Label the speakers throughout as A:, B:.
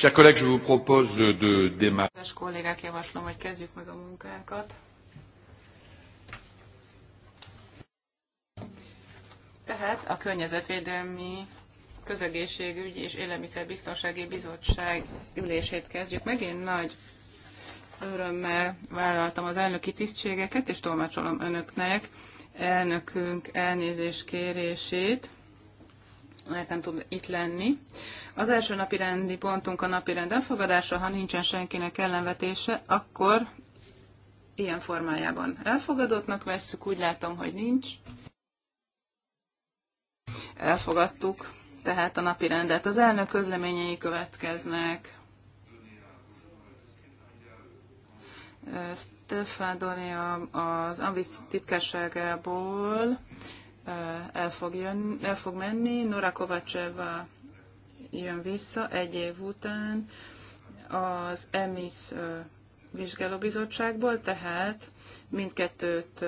A: Chers collègues, je vous propose de démarrer.
B: hogy a Tehát a Környezetvédelmi közegészségügyi és Élelmiszerbiztonsági Bizottság ülését kezdjük meg. Én nagy örömmel vállaltam az elnöki tisztségeket, és tolmácsolom önöknek elnökünk elnézéskérését. kérését hát nem tud itt lenni. Az első napi rendi pontunk a napi rend elfogadása, ha nincsen senkinek ellenvetése, akkor ilyen formájában elfogadottnak vesszük, úgy látom, hogy nincs. Elfogadtuk tehát a napi rendet. Az elnök közleményei következnek. Stefadonia az Ambis titkárságából el fog, jön, el fog menni. Nora Kovacseva jön vissza egy év után az EMIS vizsgálóbizottságból, tehát mindkettőt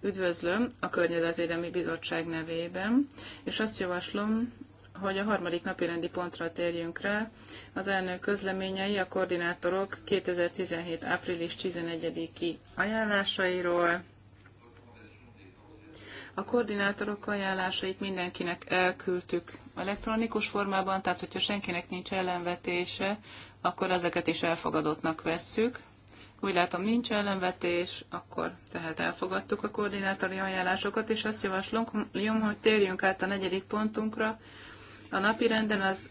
B: üdvözlöm a Környezetvédelmi Bizottság nevében, és azt javaslom, hogy a harmadik napi rendi pontra térjünk rá. Az elnök közleményei a koordinátorok 2017. április 11-i ajánlásairól, a koordinátorok ajánlásait mindenkinek elküldtük elektronikus formában, tehát hogyha senkinek nincs ellenvetése, akkor ezeket is elfogadottnak vesszük. Úgy látom, nincs ellenvetés, akkor tehát elfogadtuk a koordinátori ajánlásokat, és azt javaslom, hogy térjünk át a negyedik pontunkra. A napi renden az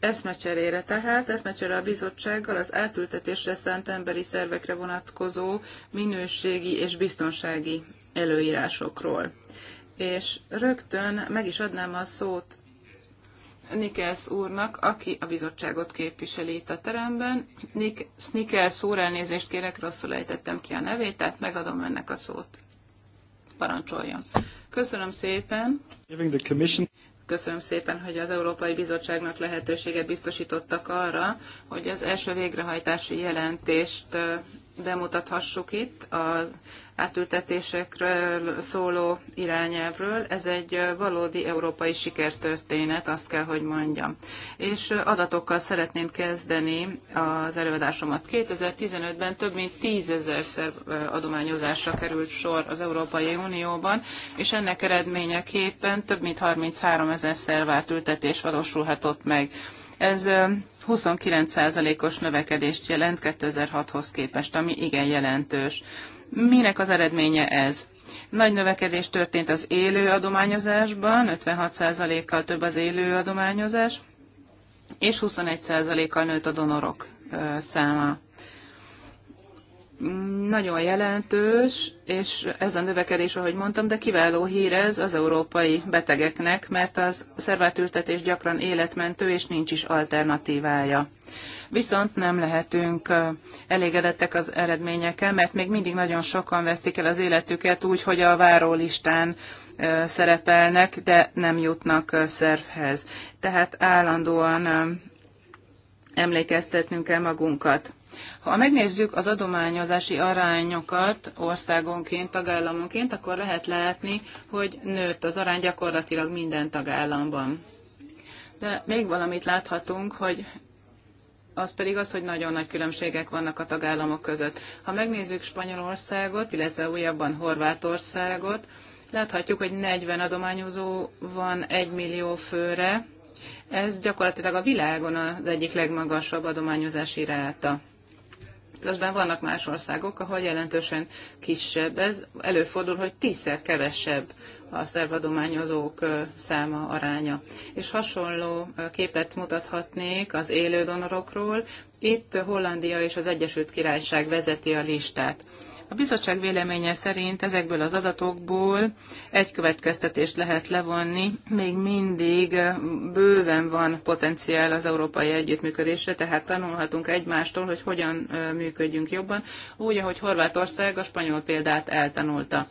B: eszmecserére tehát, eszmecsere a bizottsággal az átültetésre szánt emberi szervekre vonatkozó minőségi és biztonsági előírásokról. És rögtön meg is adnám a szót Nikelsz úrnak, aki a bizottságot képviseli itt a teremben. Nik úr, elnézést kérek, rosszul ejtettem ki a nevét, tehát megadom ennek a szót. Parancsoljon. Köszönöm szépen. Köszönöm szépen, hogy az Európai Bizottságnak lehetőséget biztosítottak arra, hogy az első végrehajtási jelentést bemutathassuk itt az átültetésekről szóló irányelvről. Ez egy valódi európai sikertörténet, azt kell, hogy mondjam. És adatokkal szeretném kezdeni az előadásomat. 2015-ben több mint szer adományozásra került sor az Európai Unióban, és ennek eredményeképpen több mint 33 ezer szervált ültetés valósulhatott meg. Ez 29%-os növekedést jelent 2006-hoz képest, ami igen jelentős. Minek az eredménye ez? Nagy növekedés történt az élő adományozásban, 56%-kal több az élő adományozás, és 21%-kal nőtt a donorok száma nagyon jelentős, és ez a növekedés, ahogy mondtam, de kiváló hír ez az európai betegeknek, mert az szervátültetés gyakran életmentő, és nincs is alternatívája. Viszont nem lehetünk elégedettek az eredményekkel, mert még mindig nagyon sokan veszik el az életüket úgy, hogy a várólistán szerepelnek, de nem jutnak szervhez. Tehát állandóan emlékeztetnünk kell magunkat. Ha megnézzük az adományozási arányokat országonként, tagállamonként, akkor lehet látni, hogy nőtt az arány gyakorlatilag minden tagállamban. De még valamit láthatunk, hogy az pedig az, hogy nagyon nagy különbségek vannak a tagállamok között. Ha megnézzük Spanyolországot, illetve újabban Horvátországot, láthatjuk, hogy 40 adományozó van 1 millió főre, ez gyakorlatilag a világon az egyik legmagasabb adományozási ráta. Közben vannak más országok, ahol jelentősen kisebb. Ez előfordul, hogy tízszer kevesebb a szervadományozók száma aránya. És hasonló képet mutathatnék az élő donorokról. Itt Hollandia és az Egyesült Királyság vezeti a listát. A bizottság véleménye szerint ezekből az adatokból egy következtetést lehet levonni, még mindig bőven van potenciál az európai együttműködésre, tehát tanulhatunk egymástól, hogy hogyan működjünk jobban, úgy, ahogy Horvátország a spanyol példát eltanulta.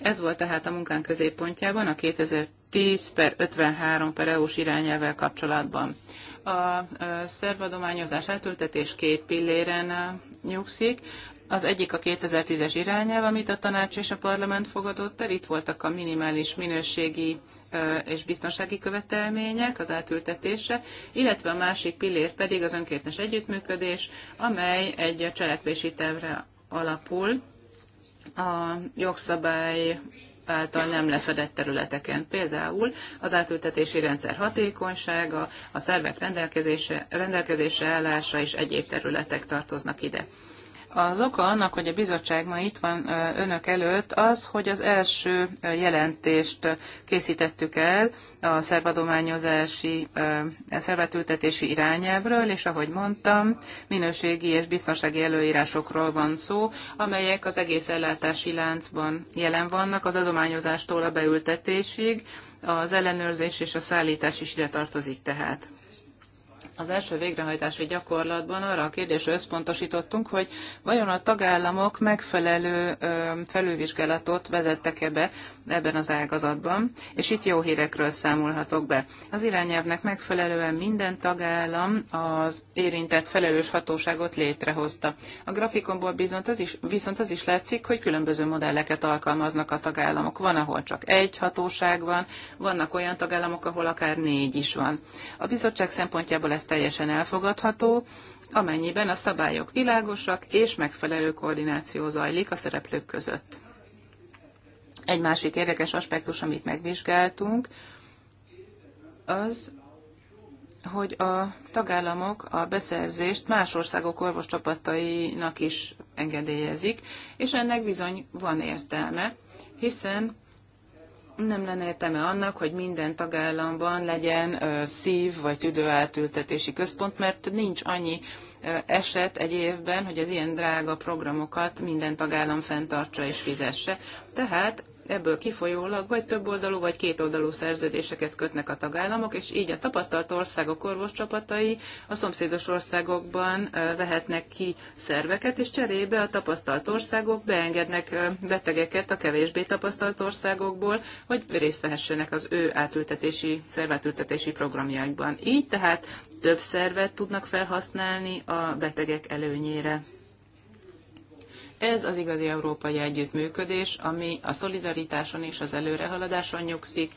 B: Ez volt tehát a munkánk középpontjában a 2010 per 53 per EU-s irányelvvel kapcsolatban a szervadományozás eltültetés két pilléren nyugszik. Az egyik a 2010-es irányelv, amit a tanács és a parlament fogadott el. Itt voltak a minimális minőségi és biztonsági követelmények az átültetése, illetve a másik pillér pedig az önkéntes együttműködés, amely egy cselekvési tervre alapul a jogszabály által nem lefedett területeken. Például az átültetési rendszer hatékonysága, a szervek rendelkezése, rendelkezése állása és egyéb területek tartoznak ide. Az oka annak, hogy a bizottság ma itt van önök előtt, az, hogy az első jelentést készítettük el a szervadományozási, a szervetültetési irányelvről, és ahogy mondtam, minőségi és biztonsági előírásokról van szó, amelyek az egész ellátási láncban jelen vannak, az adományozástól a beültetésig, az ellenőrzés és a szállítás is ide tartozik tehát az első végrehajtási gyakorlatban arra a kérdésre összpontosítottunk, hogy vajon a tagállamok megfelelő felülvizsgálatot vezettek-e be ebben az ágazatban, és itt jó hírekről számolhatok be. Az irányelvnek megfelelően minden tagállam az érintett felelős hatóságot létrehozta. A grafikonból viszont az is, viszont az is látszik, hogy különböző modelleket alkalmaznak a tagállamok. Van, ahol csak egy hatóság van, vannak olyan tagállamok, ahol akár négy is van. A bizottság szempontjából ezt teljesen elfogadható, amennyiben a szabályok világosak és megfelelő koordináció zajlik a szereplők között. Egy másik érdekes aspektus, amit megvizsgáltunk, az, hogy a tagállamok a beszerzést más országok orvoscsapatainak is engedélyezik, és ennek bizony van értelme, hiszen nem lenne értelme annak, hogy minden tagállamban legyen szív- vagy tüdőátültetési központ, mert nincs annyi eset egy évben, hogy az ilyen drága programokat minden tagállam fenntartsa és fizesse. Tehát ebből kifolyólag vagy többoldalú, vagy kétoldalú szerződéseket kötnek a tagállamok, és így a tapasztalt országok orvoscsapatai a szomszédos országokban vehetnek ki szerveket, és cserébe a tapasztalt országok beengednek betegeket a kevésbé tapasztalt országokból, hogy részt vehessenek az ő átültetési, szervátültetési programjaikban. Így tehát több szervet tudnak felhasználni a betegek előnyére. Ez az igazi európai együttműködés, ami a szolidaritáson és az előrehaladáson nyugszik.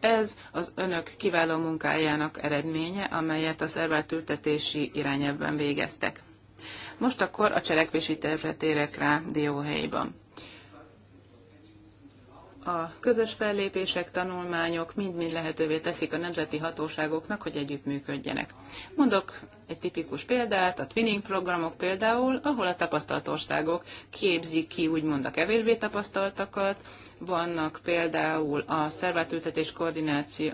B: Ez az önök kiváló munkájának eredménye, amelyet a szervelt ültetési irányelvben végeztek. Most akkor a cselekvési tervre térek rá Dióhelyban. A közös fellépések, tanulmányok mind-mind lehetővé teszik a nemzeti hatóságoknak, hogy együttműködjenek. Mondok egy tipikus példát, a twinning programok például, ahol a tapasztalt országok képzik ki úgymond a kevésbé tapasztaltakat, vannak például a szervátültetés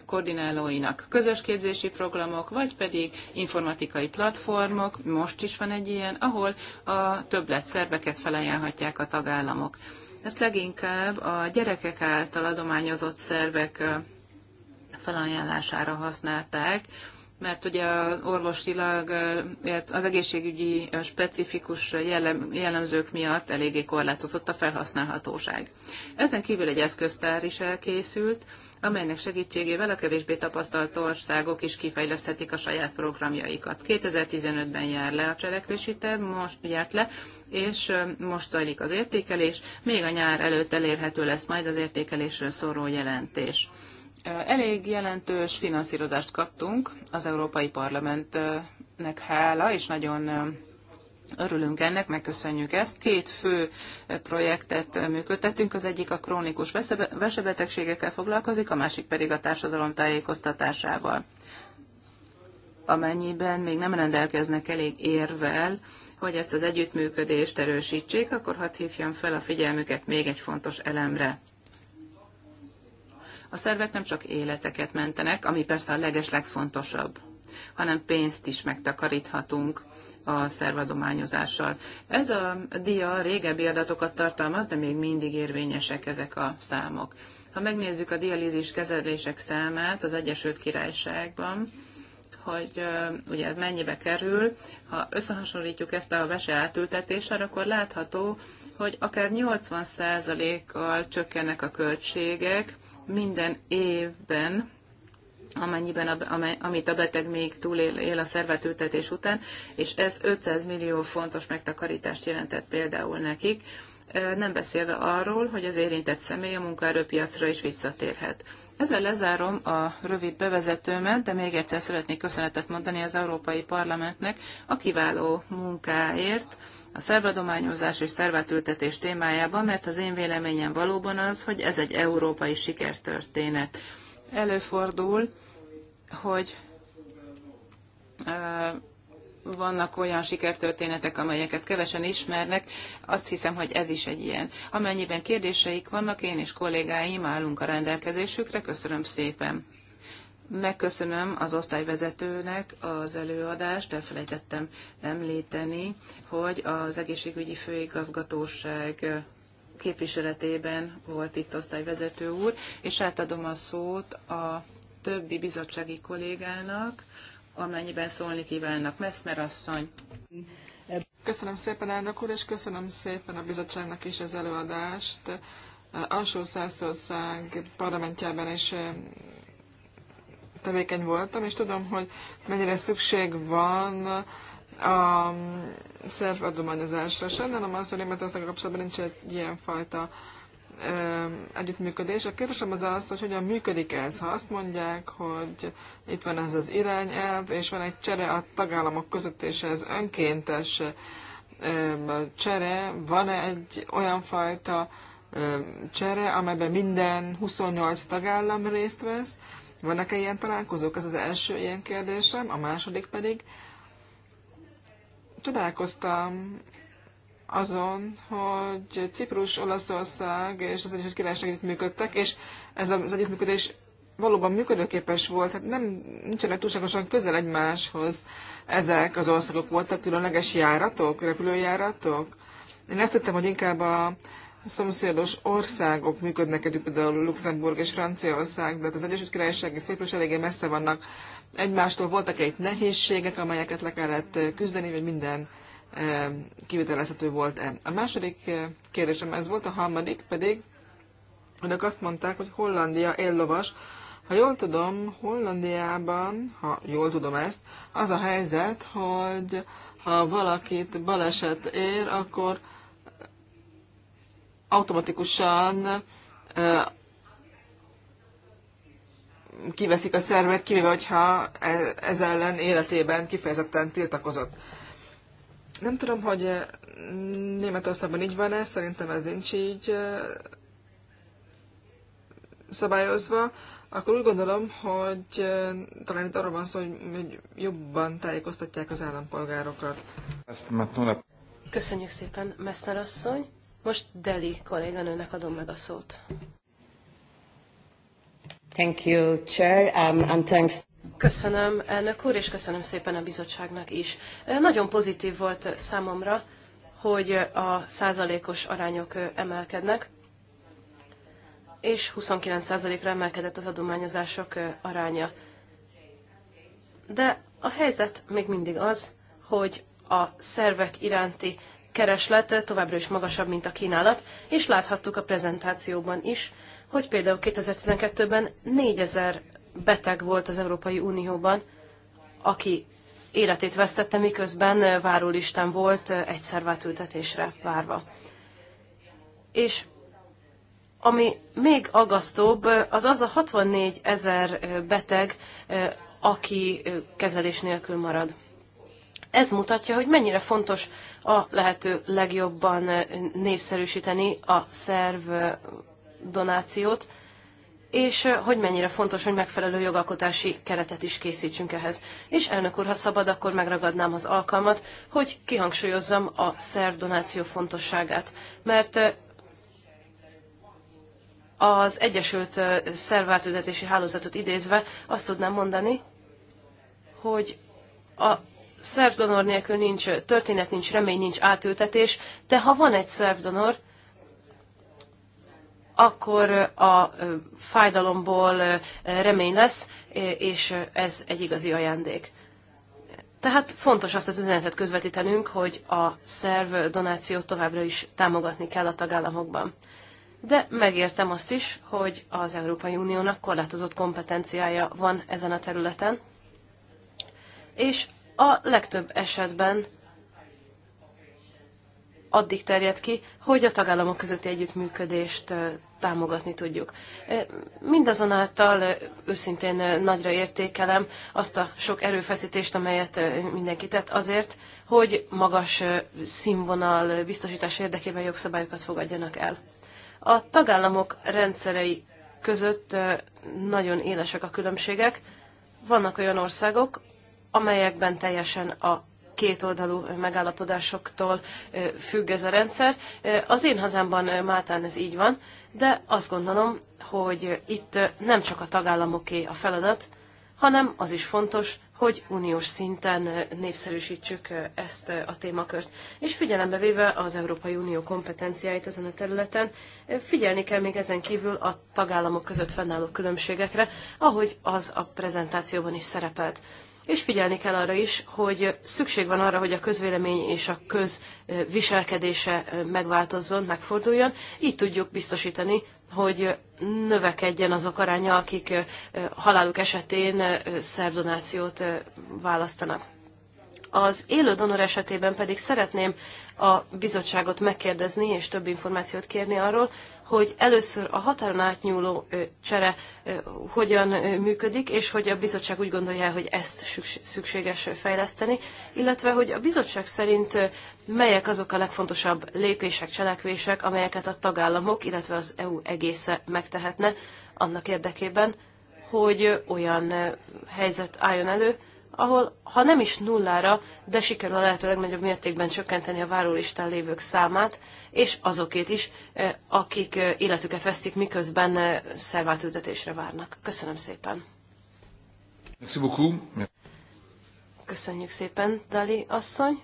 B: koordinálóinak közös képzési programok, vagy pedig informatikai platformok, most is van egy ilyen, ahol a többlet szerveket felajánlhatják a tagállamok. Ezt leginkább a gyerekek által adományozott szervek felajánlására használták, mert ugye orvosilag az egészségügyi specifikus jellemzők miatt eléggé korlátozott a felhasználhatóság. Ezen kívül egy eszköztár is elkészült, amelynek segítségével a kevésbé tapasztalt országok is kifejleszthetik a saját programjaikat. 2015-ben jár le a cselekvési terv, most járt le, és most zajlik az értékelés, még a nyár előtt elérhető lesz majd az értékelésről szóló jelentés. Elég jelentős finanszírozást kaptunk az Európai Parlamentnek hála, és nagyon Örülünk ennek, megköszönjük ezt. Két fő eh, projektet eh, működtetünk, az egyik a krónikus vesebetegségekkel foglalkozik, a másik pedig a társadalom tájékoztatásával. Amennyiben még nem rendelkeznek elég érvel, hogy ezt az együttműködést erősítsék, akkor hadd hívjam fel a figyelmüket még egy fontos elemre. A szervek nem csak életeket mentenek, ami persze a legeslegfontosabb, hanem pénzt is megtakaríthatunk a szervadományozással. Ez a dia régebbi adatokat tartalmaz, de még mindig érvényesek ezek a számok. Ha megnézzük a dialízis kezelések számát az Egyesült Királyságban, hogy ugye ez mennyibe kerül, ha összehasonlítjuk ezt a vese átültetéssel, akkor látható, hogy akár 80%-kal csökkennek a költségek minden évben, amennyiben a, amely, amit a beteg még túlél él a szervetültetés után, és ez 500 millió fontos megtakarítást jelentett például nekik, nem beszélve arról, hogy az érintett személy a munkaerőpiacra is visszatérhet. Ezzel lezárom a rövid bevezetőmet, de még egyszer szeretnék köszönetet mondani az Európai Parlamentnek a kiváló munkáért, a szervadományozás és szervetültetés témájában, mert az én véleményem valóban az, hogy ez egy európai sikertörténet előfordul, hogy vannak olyan sikertörténetek, amelyeket kevesen ismernek, azt hiszem, hogy ez is egy ilyen. Amennyiben kérdéseik vannak, én és kollégáim állunk a rendelkezésükre, köszönöm szépen. Megköszönöm az osztályvezetőnek az előadást, elfelejtettem említeni, hogy az egészségügyi főigazgatóság képviseletében volt itt osztályvezető úr, és átadom a szót a többi bizottsági kollégának, amennyiben
C: szólni kívánnak. Meszmer asszony. Köszönöm szépen, elnök úr, és köszönöm szépen a bizottságnak is az előadást. Alsó Szászország parlamentjában is tevékeny voltam, és tudom, hogy mennyire szükség van a szerv adományozásra. Sajnálom azt, hogy Németországgal kapcsolatban nincs egy ilyenfajta ö, együttműködés. A kérdésem az az, hogy hogyan működik ez. Ha azt mondják, hogy itt van ez az irányelv, és van egy csere a tagállamok között, és ez önkéntes ö, csere, van -e egy olyan fajta ö, csere, amelyben minden 28 tagállam részt vesz? Vannak-e ilyen találkozók? Ez az első ilyen kérdésem. A második pedig, Csodálkoztam azon, hogy Ciprus, Olaszország és az Egyesült Királyság együtt működtek, és ez az együttműködés valóban működőképes volt, hát nem nincsenek túlságosan közel egymáshoz ezek az országok voltak, különleges járatok, repülőjáratok. Én ezt hittem, hogy inkább a szomszédos országok működnek együtt, például Luxemburg és Franciaország, de hát az Egyesült Királyság és Ciprus eléggé messze vannak egymástól. Voltak egy nehézségek, amelyeket le kellett eh, küzdeni, vagy minden eh, kivitelezhető volt-e? A második eh, kérdésem ez volt, a harmadik pedig, önök azt mondták, hogy Hollandia éllovas. Ha jól tudom, Hollandiában, ha jól tudom ezt, az a helyzet, hogy ha valakit baleset ér, akkor automatikusan kiveszik a szervet, kivéve, hogyha e, ez ellen életében kifejezetten tiltakozott. Nem tudom, hogy Németországban így van-e, szerintem ez nincs így szabályozva, akkor úgy gondolom, hogy talán itt arról van szó, hogy jobban tájékoztatják az állampolgárokat. Köszönjük szépen, Messner
D: asszony! Most Deli kolléganőnek adom meg a szót. Thank you, Chair, um, and thanks. Köszönöm, elnök úr, és köszönöm szépen a bizottságnak is. Nagyon pozitív volt számomra, hogy a százalékos arányok emelkednek, és 29 százalékra emelkedett az adományozások aránya. De a helyzet még mindig az, hogy a szervek iránti kereslet továbbra is magasabb, mint a kínálat, és láthattuk a prezentációban is, hogy például 2012-ben 4000 beteg volt az Európai Unióban, aki életét vesztette, miközben várólisten volt egy szervát ültetésre várva. És ami még agasztóbb, az az a 64 ezer beteg, aki kezelés nélkül marad. Ez mutatja, hogy mennyire fontos a lehető legjobban eh, népszerűsíteni a szerv eh, donációt, és eh, hogy mennyire fontos, hogy megfelelő jogalkotási keretet is készítsünk ehhez. És elnök úr, ha szabad, akkor megragadnám az alkalmat, hogy kihangsúlyozzam a donáció fontosságát. Mert az Egyesült Szervátültetési Hálózatot idézve azt tudnám mondani, hogy a szervdonor nélkül nincs történet, nincs remény, nincs átültetés, de ha van egy szervdonor, akkor a fájdalomból remény lesz, és ez egy igazi ajándék. Tehát fontos azt az üzenetet közvetítenünk, hogy a szerv donációt továbbra is támogatni kell a tagállamokban. De megértem azt is, hogy az Európai Uniónak korlátozott kompetenciája van ezen a területen, és a legtöbb esetben addig terjed ki, hogy a tagállamok közötti együttműködést támogatni tudjuk. Mindazonáltal őszintén nagyra értékelem azt a sok erőfeszítést, amelyet mindenki tett azért, hogy magas színvonal biztosítás érdekében jogszabályokat fogadjanak el. A tagállamok rendszerei között nagyon élesek a különbségek. Vannak olyan országok, amelyekben teljesen a kétoldalú megállapodásoktól függ ez a rendszer. Az én hazámban Máltán ez így van, de azt gondolom, hogy itt nem csak a tagállamoké a feladat, hanem az is fontos, hogy uniós szinten népszerűsítsük ezt a témakört. És figyelembe véve az Európai Unió kompetenciáit ezen a területen, figyelni kell még ezen kívül a tagállamok között fennálló különbségekre, ahogy az a prezentációban is szerepelt és figyelni kell arra is, hogy szükség van arra, hogy a közvélemény és a köz viselkedése megváltozzon, megforduljon. Így tudjuk biztosítani, hogy növekedjen azok aránya, akik haláluk esetén szervdonációt választanak. Az élő donor esetében pedig szeretném a bizottságot megkérdezni és több információt kérni arról, hogy először a határon átnyúló csere hogyan működik, és hogy a bizottság úgy gondolja, hogy ezt szükséges fejleszteni, illetve hogy a bizottság szerint melyek azok a legfontosabb lépések, cselekvések, amelyeket a tagállamok, illetve az EU egésze megtehetne annak érdekében, hogy olyan helyzet álljon elő, ahol ha nem is nullára, de sikerül a lehető legnagyobb mértékben csökkenteni a várólistán lévők számát, és azokét is, eh, akik eh, életüket vesztik, miközben eh, szervátültetésre várnak. Köszönöm szépen. Köszönjük szépen, Dali asszony.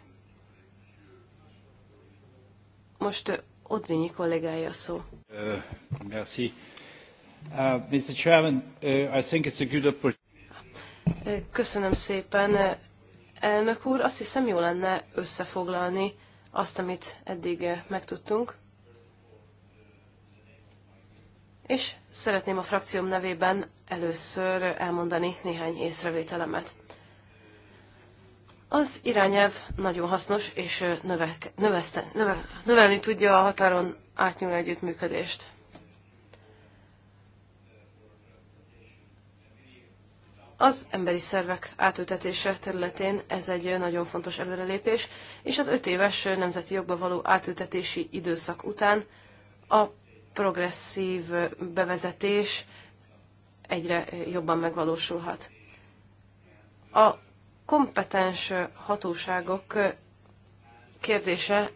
D: Most Odvényi kollégája a szó. Uh, köszönöm szépen, elnök úr. Azt hiszem, jó lenne összefoglalni azt, amit eddig eh, megtudtunk. És szeretném a frakcióm nevében először elmondani néhány észrevételemet. Az irányelv nagyon hasznos, és eh, növeke, növe, növelni tudja a határon átnyúló együttműködést. Az emberi szervek átültetése területén ez egy nagyon fontos előrelépés, és az öt éves nemzeti jogba való átültetési időszak után a progresszív bevezetés egyre jobban megvalósulhat. A kompetens hatóságok kérdése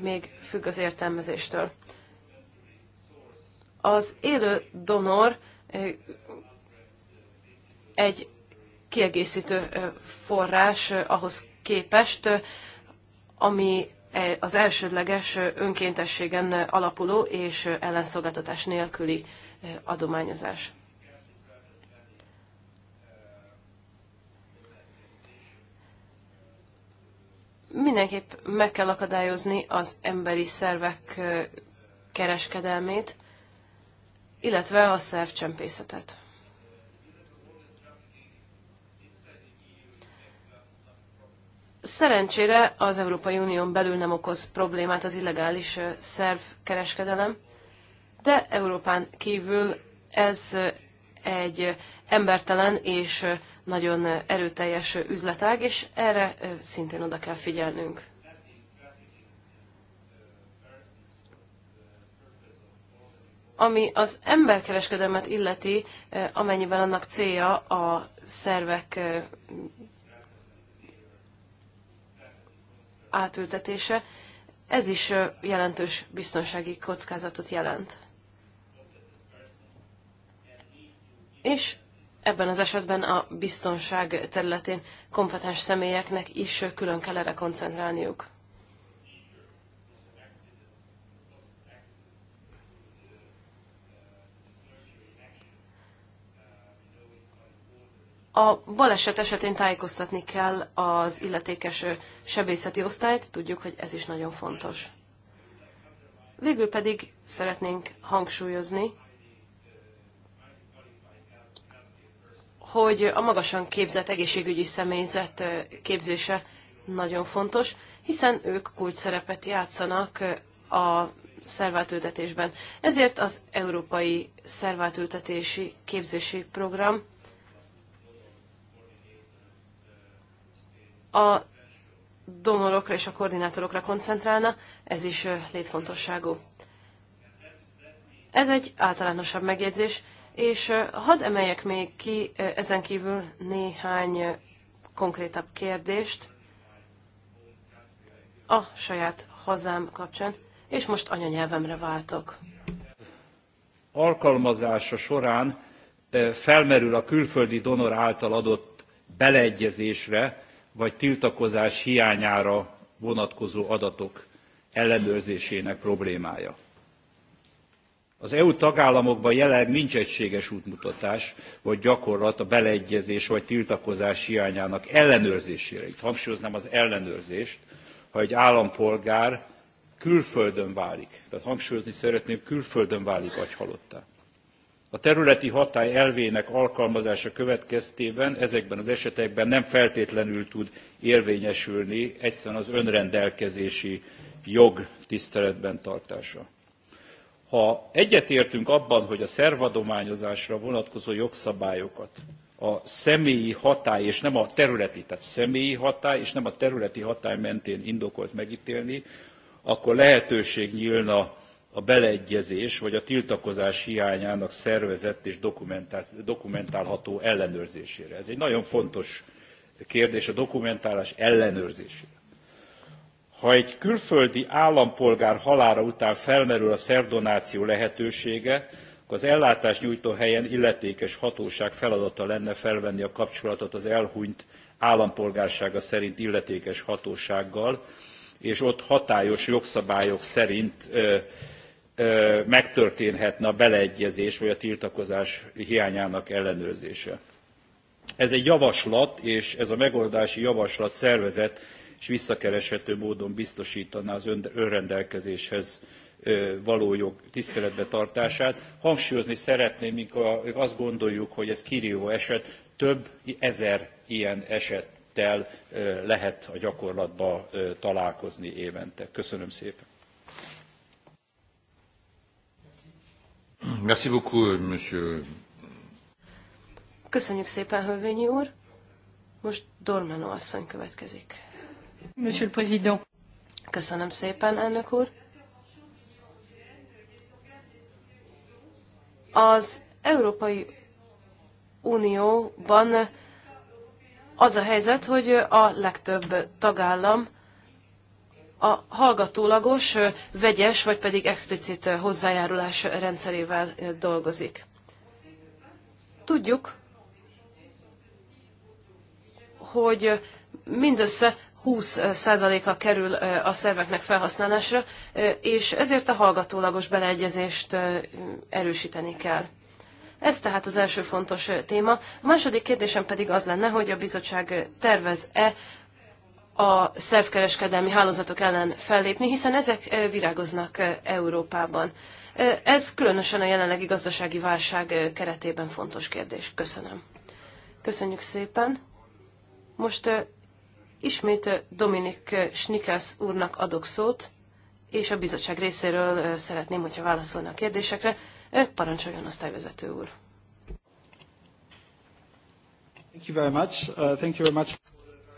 D: még függ az értelmezéstől. Az élő donor egy kiegészítő forrás ahhoz képest, ami az elsődleges önkéntességen alapuló és ellenszolgáltatás nélküli adományozás. Mindenképp meg kell akadályozni az emberi szervek kereskedelmét, illetve a szervcsempészetet. Szerencsére az Európai Unión belül nem okoz problémát az illegális szerv kereskedelem, de Európán kívül ez egy embertelen és nagyon erőteljes üzletág, és erre szintén oda kell figyelnünk. Ami az emberkereskedelmet illeti, amennyiben annak célja a szervek átültetése, ez is jelentős biztonsági kockázatot jelent. És ebben az esetben a biztonság területén kompetens személyeknek is külön kell erre koncentrálniuk. A baleset esetén tájékoztatni kell az illetékes sebészeti osztályt, tudjuk, hogy ez is nagyon fontos. Végül pedig szeretnénk hangsúlyozni, hogy a magasan képzett egészségügyi személyzet képzése nagyon fontos, hiszen ők kulcs szerepet játszanak a szerváltültetésben. Ezért az Európai Szerváltültetési Képzési Program a donorokra és a koordinátorokra koncentrálna, ez is létfontosságú. Ez egy általánosabb megjegyzés, és hadd emeljek még ki ezen kívül néhány konkrétabb kérdést a saját hazám kapcsán, és most anyanyelvemre váltok.
A: Alkalmazása során felmerül a külföldi donor által adott beleegyezésre, vagy tiltakozás hiányára vonatkozó adatok ellenőrzésének problémája. Az EU tagállamokban jelenleg nincs egységes útmutatás vagy gyakorlat a beleegyezés vagy tiltakozás hiányának ellenőrzésére. Itt hangsúlyoznám az ellenőrzést, ha egy állampolgár külföldön válik. Tehát hangsúlyozni szeretném, külföldön válik agyhalottá a területi hatály elvének alkalmazása következtében ezekben az esetekben nem feltétlenül tud érvényesülni egyszerűen az önrendelkezési jog tiszteletben tartása. Ha egyetértünk abban, hogy a szervadományozásra vonatkozó jogszabályokat a személyi hatály és nem a területi, tehát személyi hatály és nem a területi hatály mentén indokolt megítélni, akkor lehetőség nyílna a beleegyezés vagy a tiltakozás hiányának szervezett és dokumentálható ellenőrzésére. Ez egy nagyon fontos kérdés, a dokumentálás ellenőrzésére. Ha egy külföldi állampolgár halála után felmerül a szerdonáció lehetősége, akkor az ellátás nyújtó helyen illetékes hatóság feladata lenne felvenni a kapcsolatot az elhunyt állampolgársága szerint illetékes hatósággal, és ott hatályos jogszabályok szerint megtörténhetne a beleegyezés vagy a tiltakozás hiányának ellenőrzése. Ez egy javaslat, és ez a megoldási javaslat szervezet és visszakereshető módon biztosítaná az önrendelkezéshez való jog tiszteletbe tartását. Hangsúlyozni szeretném, mikor azt gondoljuk, hogy ez kirívó eset, több ezer ilyen esettel lehet a gyakorlatban találkozni évente. Köszönöm szépen! Merci beaucoup, monsieur.
D: Köszönjük szépen, Hölvényi úr. Most Dormano asszony következik. Monsieur le Président. Köszönöm szépen, elnök úr. Az Európai Unióban az a helyzet, hogy a legtöbb tagállam a hallgatólagos, vegyes vagy pedig explicit hozzájárulás rendszerével dolgozik. Tudjuk, hogy mindössze 20%-a kerül a szerveknek felhasználásra, és ezért a hallgatólagos beleegyezést erősíteni kell. Ez tehát az első fontos téma. A második kérdésem pedig az lenne, hogy a bizottság tervez-e a szervkereskedelmi hálózatok ellen fellépni, hiszen ezek virágoznak Európában. Ez különösen a jelenlegi gazdasági válság keretében fontos kérdés. Köszönöm. Köszönjük szépen. Most ismét Dominik Snikász úrnak adok szót, és a bizottság részéről szeretném, hogyha válaszolna a kérdésekre. Parancsoljon osztályvezető úr.
A: Thank you very much. Uh, thank you very much.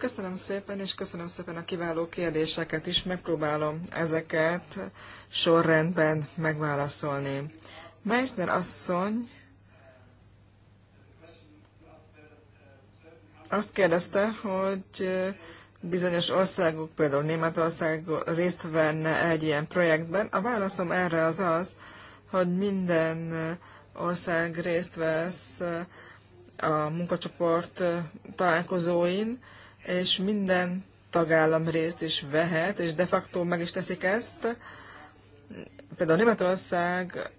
C: Köszönöm szépen, és köszönöm szépen a kiváló kérdéseket is. Megpróbálom ezeket sorrendben megválaszolni. Meissner asszony azt kérdezte, hogy bizonyos országok, például Németország részt venne egy ilyen projektben. A válaszom erre az az, hogy minden ország részt vesz a munkacsoport találkozóin, és minden tagállam részt is vehet, és de facto meg is teszik ezt. Például Németország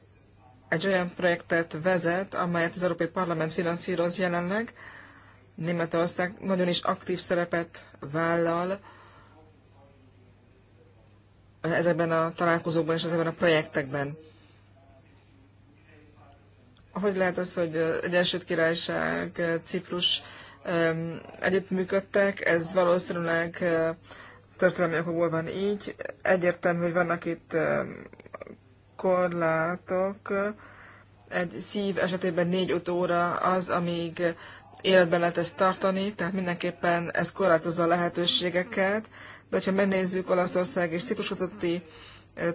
C: egy olyan projektet vezet, amelyet az Európai Parlament finanszíroz jelenleg. Németország nagyon is aktív szerepet vállal ezekben a találkozókban és ezekben a projektekben. Hogy lehet az, hogy egy Egyesült Királyság, Ciprus együttműködtek, ez valószínűleg történelmi okokból van így. Egyértelmű, hogy vannak itt korlátok. Egy szív esetében négy óra az, amíg életben lehet ezt tartani, tehát mindenképpen ez korlátozza a lehetőségeket, de ha megnézzük Olaszország és Ciprus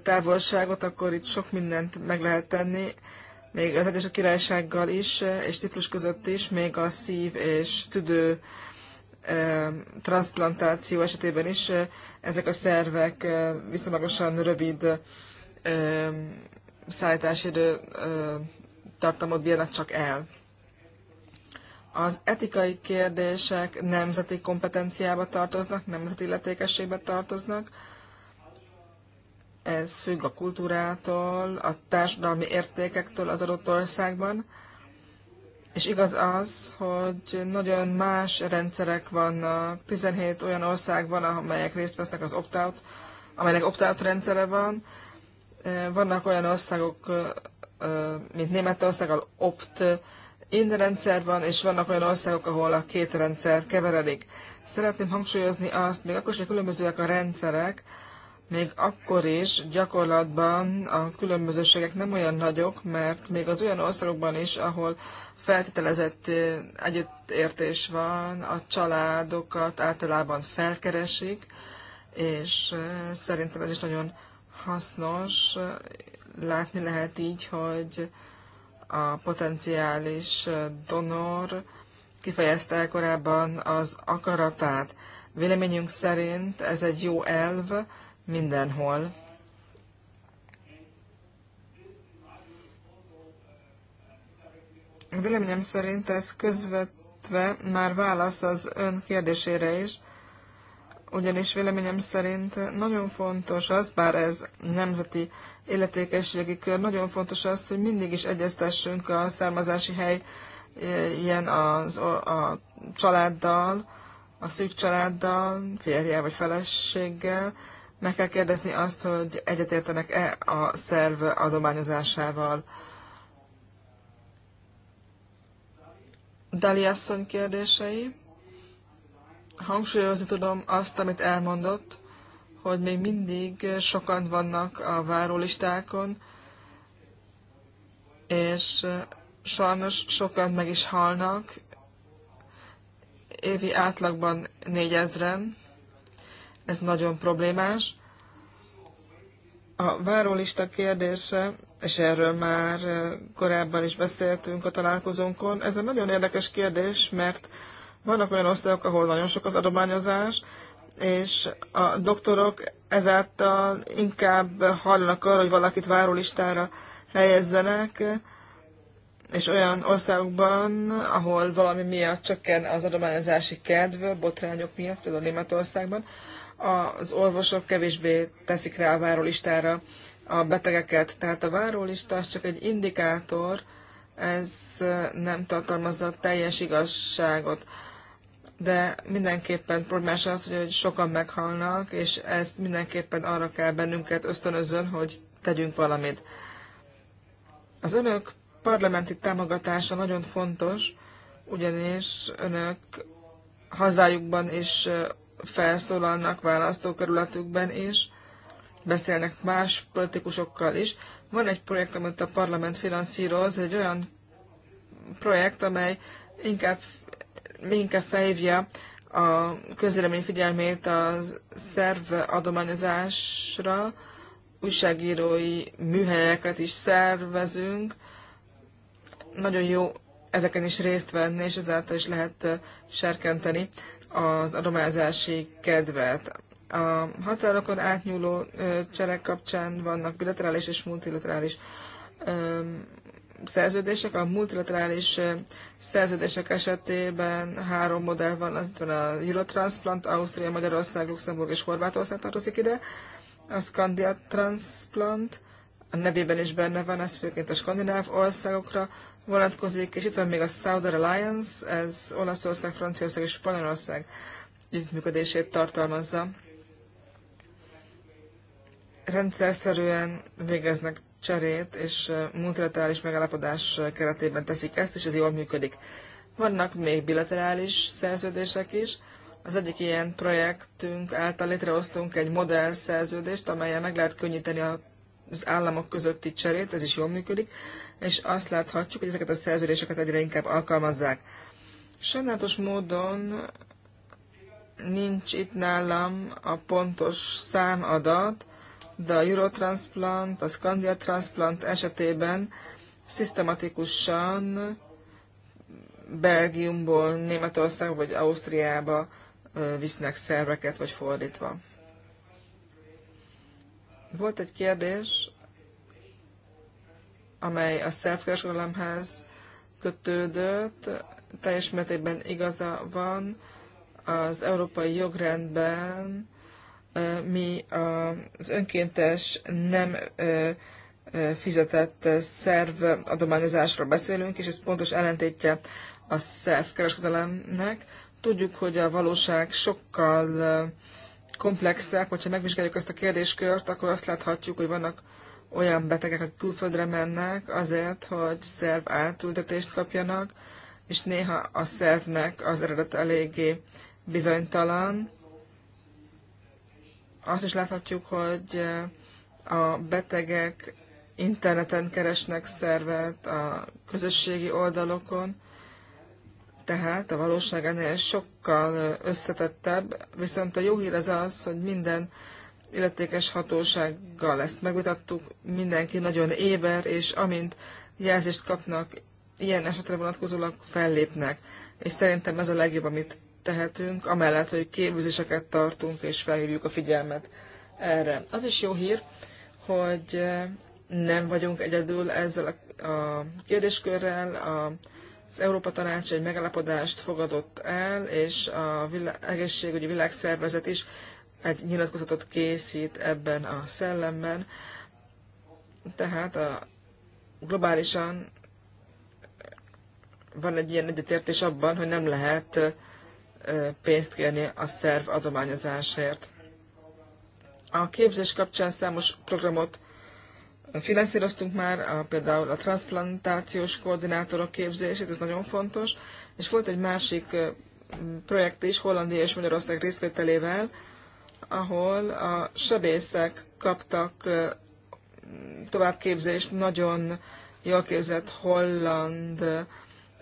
C: távolságot, akkor itt sok mindent meg lehet tenni még az Egyesült Királysággal is, és Ciprus között is, még a szív és tüdő transplantáció esetében is ezek a szervek viszonylagosan rövid szállítási idő tartamot bírnak csak el. Az etikai kérdések nemzeti kompetenciába tartoznak, nemzeti illetékességbe tartoznak, ez függ a kultúrától, a társadalmi értékektől az adott országban, és igaz az, hogy nagyon más rendszerek vannak. 17 olyan ország van, amelyek részt vesznek az opt-out, amelynek opt-out rendszere van. Vannak olyan országok, mint Németország, ahol opt-in rendszer van, és vannak olyan országok, ahol a két rendszer keveredik. Szeretném hangsúlyozni azt, még akkor is, hogy különbözőek a rendszerek, még akkor is gyakorlatban a különbözőségek nem olyan nagyok, mert még az olyan országokban is, ahol feltételezett eh, együttértés van, a családokat általában felkeresik, és eh, szerintem ez is nagyon hasznos. Látni lehet így, hogy a potenciális eh, donor kifejezte korábban az akaratát. Véleményünk szerint ez egy jó elv, mindenhol. Véleményem szerint ez közvetve már válasz az ön kérdésére is, ugyanis véleményem szerint nagyon fontos az, bár ez nemzeti illetékességi kör, nagyon fontos az, hogy mindig is egyeztessünk a származási hely e, ilyen az, a családdal, a szűk családdal, férjel vagy feleséggel, meg kell kérdezni azt, hogy egyetértenek-e a szerv adományozásával. Dali asszony kérdései. Hangsúlyozni tudom azt, amit elmondott, hogy még mindig sokan vannak a várólistákon, és sajnos sokan meg is halnak, évi átlagban négyezren. Ez nagyon problémás. A várólista kérdése, és erről már korábban is beszéltünk a találkozónkon, ez egy nagyon érdekes kérdés, mert vannak olyan országok, ahol nagyon sok az adományozás, és a doktorok ezáltal inkább hallanak arra, hogy valakit várólistára helyezzenek, és olyan országokban, ahol valami miatt csökken az adományozási kedv, botrányok miatt, például Németországban, az orvosok kevésbé teszik rá a várólistára a betegeket. Tehát a várólista az csak egy indikátor, ez nem tartalmazza teljes igazságot. De mindenképpen problémás az, hogy sokan meghalnak, és ezt mindenképpen arra kell bennünket ösztönözön, hogy tegyünk valamit. Az önök parlamenti támogatása nagyon fontos, ugyanis önök hazájukban is felszólalnak választókerületükben is, beszélnek más politikusokkal is. Van egy projekt, amit a parlament finanszíroz, egy olyan projekt, amely inkább, inkább felhívja a közélemény figyelmét a szerv adományozásra, újságírói műhelyeket is szervezünk. Nagyon jó ezeken is részt venni, és ezáltal is lehet serkenteni az adományozási kedvet. A határokon átnyúló cserek kapcsán vannak bilaterális és multilaterális szerződések. A multilaterális szerződések esetében három modell van, az itt van a Eurotransplant, Ausztria, Magyarország, Luxemburg és Horvátország tartozik ide. A Skandia Transplant, a nevében is benne van, ez főként a skandináv országokra vonatkozik, és itt van még a Southern Alliance, ez Olaszország, Franciaország és Spanyolország együttműködését tartalmazza. Rendszerszerűen végeznek cserét, és multilaterális megállapodás keretében teszik ezt, és ez jól működik. Vannak még bilaterális szerződések is. Az egyik ilyen projektünk által létrehoztunk egy modell szerződést, amelyen meg lehet könnyíteni a az államok közötti cserét, ez is jól működik, és azt láthatjuk, hogy ezeket a szerződéseket egyre inkább alkalmazzák. Sajnálatos módon nincs itt nálam a pontos számadat, de a Eurotransplant, a Scandia Transplant esetében szisztematikusan Belgiumból, Németország vagy Ausztriába visznek szerveket, vagy fordítva. Volt egy kérdés, amely a szelfkereskedelemhez kötődött, teljes mértékben igaza van, az európai jogrendben mi az önkéntes nem fizetett szerv adományozásról beszélünk, és ez pontos ellentétje a szerv kereskedelemnek. Tudjuk, hogy a valóság sokkal komplexek, hogyha megvizsgáljuk ezt a kérdéskört, akkor azt láthatjuk, hogy vannak olyan betegek, akik külföldre mennek azért, hogy szerv átültetést kapjanak, és néha a szervnek az eredet eléggé bizonytalan. Azt is láthatjuk, hogy a betegek interneten keresnek szervet, a közösségi oldalokon, tehát a valóság ennél sokkal összetettebb, viszont a jó hír az az, hogy minden illetékes hatósággal ezt megvitattuk, mindenki nagyon éber, és amint jelzést kapnak, ilyen esetre vonatkozólag fellépnek. És szerintem ez a legjobb, amit tehetünk, amellett, hogy képzéseket tartunk, és felhívjuk a figyelmet erre. Az is jó hír, hogy nem vagyunk egyedül ezzel a kérdéskörrel, a az Európa Tanács egy megállapodást fogadott el, és a vilá- egészségügyi világszervezet is egy nyilatkozatot készít ebben a szellemben. Tehát a, globálisan van egy ilyen egyetértés abban, hogy nem lehet pénzt kérni a szerv adományozásért. A képzés kapcsán számos programot Finanszíroztunk már a, például a transplantációs koordinátorok képzését, ez nagyon fontos, és volt egy másik projekt is Hollandia és Magyarország részvételével, ahol a sebészek kaptak továbbképzést nagyon jól képzett holland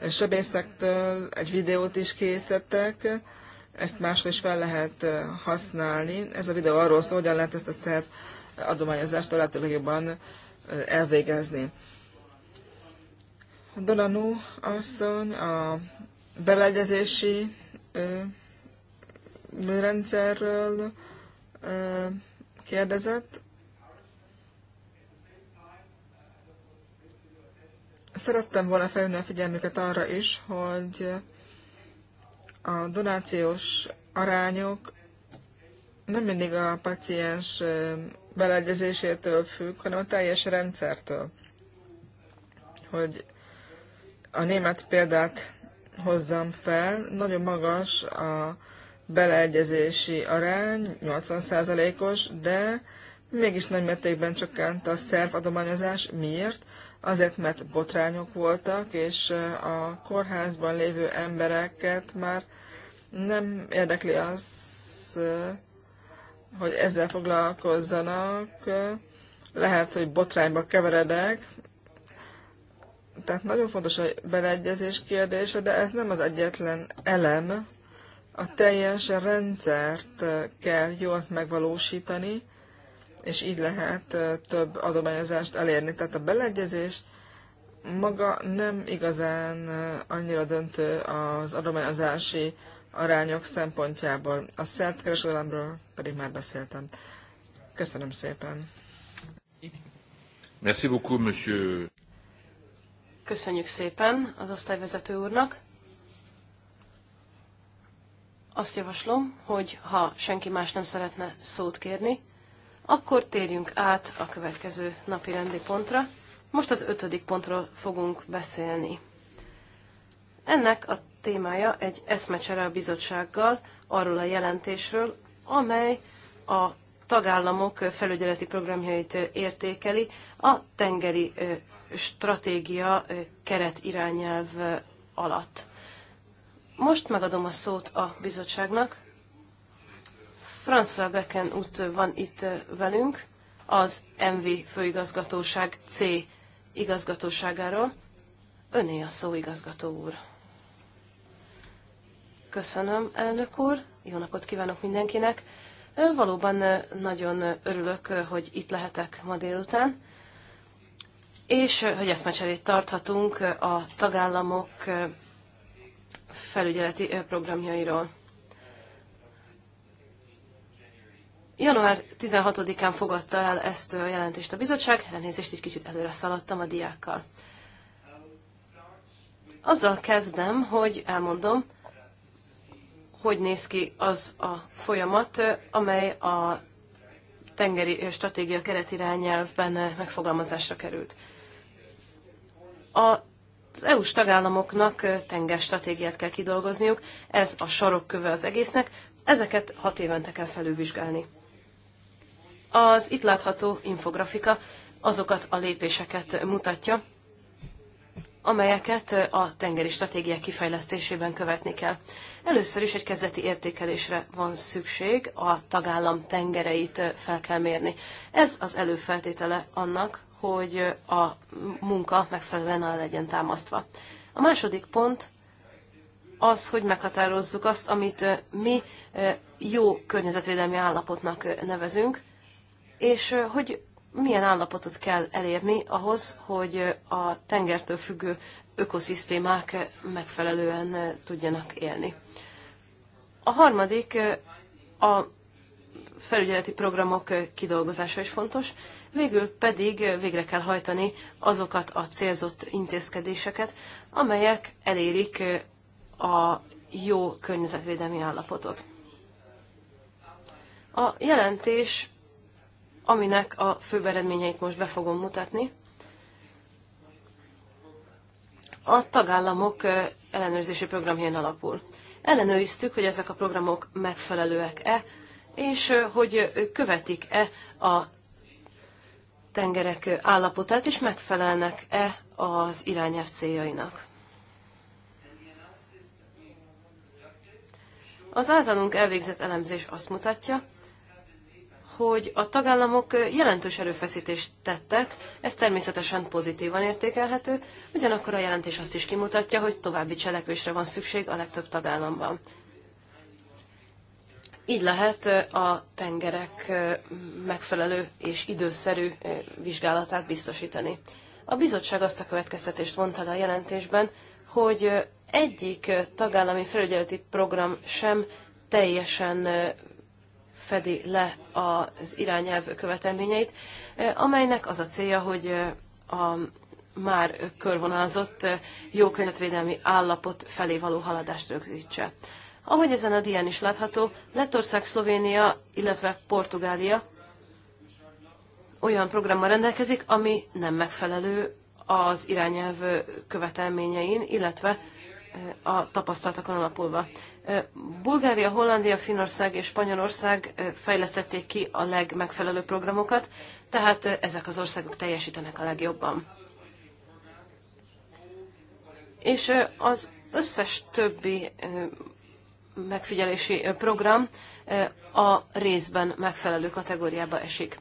C: sebészektől, egy videót is készítettek, ezt máshol is fel lehet használni. Ez a videó arról szól, hogyan lehet ezt a szert adományozást a lehető legjobban elvégezni. Dolanú asszony a beleegyezési rendszerről kérdezett. Szerettem volna felhívni a figyelmüket arra is, hogy a donációs arányok nem mindig a paciens beleegyezésétől függ, hanem a teljes rendszertől. Hogy a német példát hozzam fel, nagyon magas a beleegyezési arány, 80%-os, de mégis nagy mértékben csökkent a szervadományozás. Miért? Azért, mert botrányok voltak, és a kórházban lévő embereket már nem érdekli az, hogy ezzel foglalkozzanak. Lehet, hogy botrányba keveredek. Tehát nagyon fontos a beleegyezés kérdése, de ez nem az egyetlen elem. A teljes rendszert kell jól megvalósítani, és így lehet több adományozást elérni. Tehát a beleegyezés maga nem igazán annyira döntő az adományozási arányok szempontjából. A szerb kereskedelemről pedig már beszéltem. Köszönöm szépen.
A: Merci beaucoup, monsieur.
D: Köszönjük szépen az osztályvezető úrnak. Azt javaslom, hogy ha senki más nem szeretne szót kérni, akkor térjünk át a következő napi rendi pontra. Most az ötödik pontról fogunk beszélni. Ennek a témája egy eszmecsere a bizottsággal arról a jelentésről, amely a tagállamok felügyeleti programjait értékeli a tengeri stratégia keret irányelv alatt. Most megadom a szót a bizottságnak. François Becken út van itt velünk, az MV főigazgatóság C igazgatóságáról. Öné a szó, igazgató úr. Köszönöm, elnök úr. Jó napot kívánok mindenkinek. Valóban nagyon örülök, hogy itt lehetek ma délután, és hogy eszmecserét tarthatunk a tagállamok felügyeleti programjairól. Január 16-án fogadta el ezt a jelentést a bizottság, elnézést egy kicsit előre szaladtam a diákkal. Azzal kezdem, hogy elmondom, hogy néz ki az a folyamat, amely a tengeri stratégia keretirányelvben megfogalmazásra került. Az EU-s tagállamoknak stratégiát kell kidolgozniuk, ez a sarokköve az egésznek, ezeket hat évente kell felülvizsgálni. Az itt látható infografika azokat a lépéseket mutatja, amelyeket a tengeri stratégiák kifejlesztésében követni kell. Először is egy kezdeti értékelésre van szükség, a tagállam tengereit fel kell mérni. Ez az előfeltétele annak, hogy a munka megfelelően el legyen támasztva. A második pont az, hogy meghatározzuk azt, amit mi jó környezetvédelmi állapotnak nevezünk, és hogy milyen állapotot kell elérni ahhoz, hogy a tengertől függő ökoszisztémák megfelelően tudjanak élni. A harmadik a felügyeleti programok kidolgozása is fontos, végül pedig végre kell hajtani azokat a célzott intézkedéseket, amelyek elérik a jó környezetvédelmi állapotot. A jelentés aminek a fő eredményeit most be fogom mutatni. A tagállamok ellenőrzési programján alapul. Ellenőriztük, hogy ezek a programok megfelelőek-e, és hogy követik-e a tengerek állapotát, és megfelelnek-e az irányelv céljainak. Az általunk elvégzett elemzés azt mutatja, hogy a tagállamok jelentős erőfeszítést tettek, ez természetesen pozitívan értékelhető, ugyanakkor a jelentés azt is kimutatja, hogy további cselekvésre van szükség a legtöbb tagállamban. Így lehet a tengerek megfelelő és időszerű vizsgálatát biztosítani. A bizottság azt a következtetést vonta le a jelentésben, hogy egyik tagállami felügyeleti program sem teljesen fedi le az irányelv követelményeit, eh, amelynek az a célja, hogy eh, a már körvonázott eh, jó környezetvédelmi állapot felé való haladást rögzítse. Ahogy ezen a dián is látható, Lettország, Szlovénia, illetve Portugália olyan programmal rendelkezik, ami nem megfelelő az irányelv követelményein, illetve a tapasztalatokon alapulva. Bulgária, Hollandia, Finnország és Spanyolország fejlesztették ki a legmegfelelőbb programokat, tehát ezek az országok teljesítenek a legjobban. És az összes többi megfigyelési program a részben megfelelő kategóriába esik.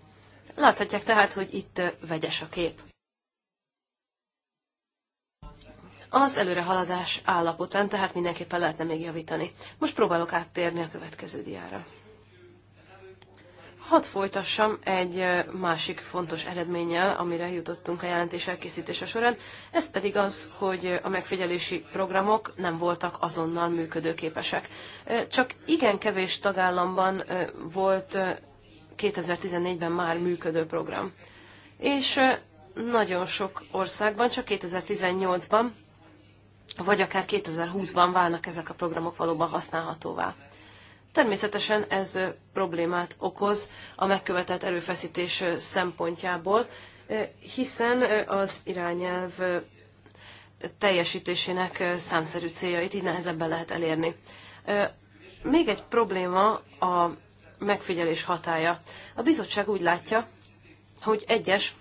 D: Láthatják tehát, hogy itt vegyes a kép. az előrehaladás állapotán, tehát mindenképpen lehetne még javítani. Most próbálok áttérni a következő diára. Hadd folytassam egy másik fontos eredménnyel, amire jutottunk a jelentés elkészítése során, ez pedig az, hogy a megfigyelési programok nem voltak azonnal működőképesek. Csak igen kevés tagállamban volt 2014-ben már működő program. És nagyon sok országban, csak 2018-ban vagy akár 2020-ban válnak ezek a programok valóban használhatóvá. Természetesen ez problémát okoz a megkövetett erőfeszítés szempontjából, hiszen az irányelv teljesítésének számszerű céljait így nehezebben lehet elérni. Még egy probléma a megfigyelés hatája. A bizottság úgy látja, hogy egyes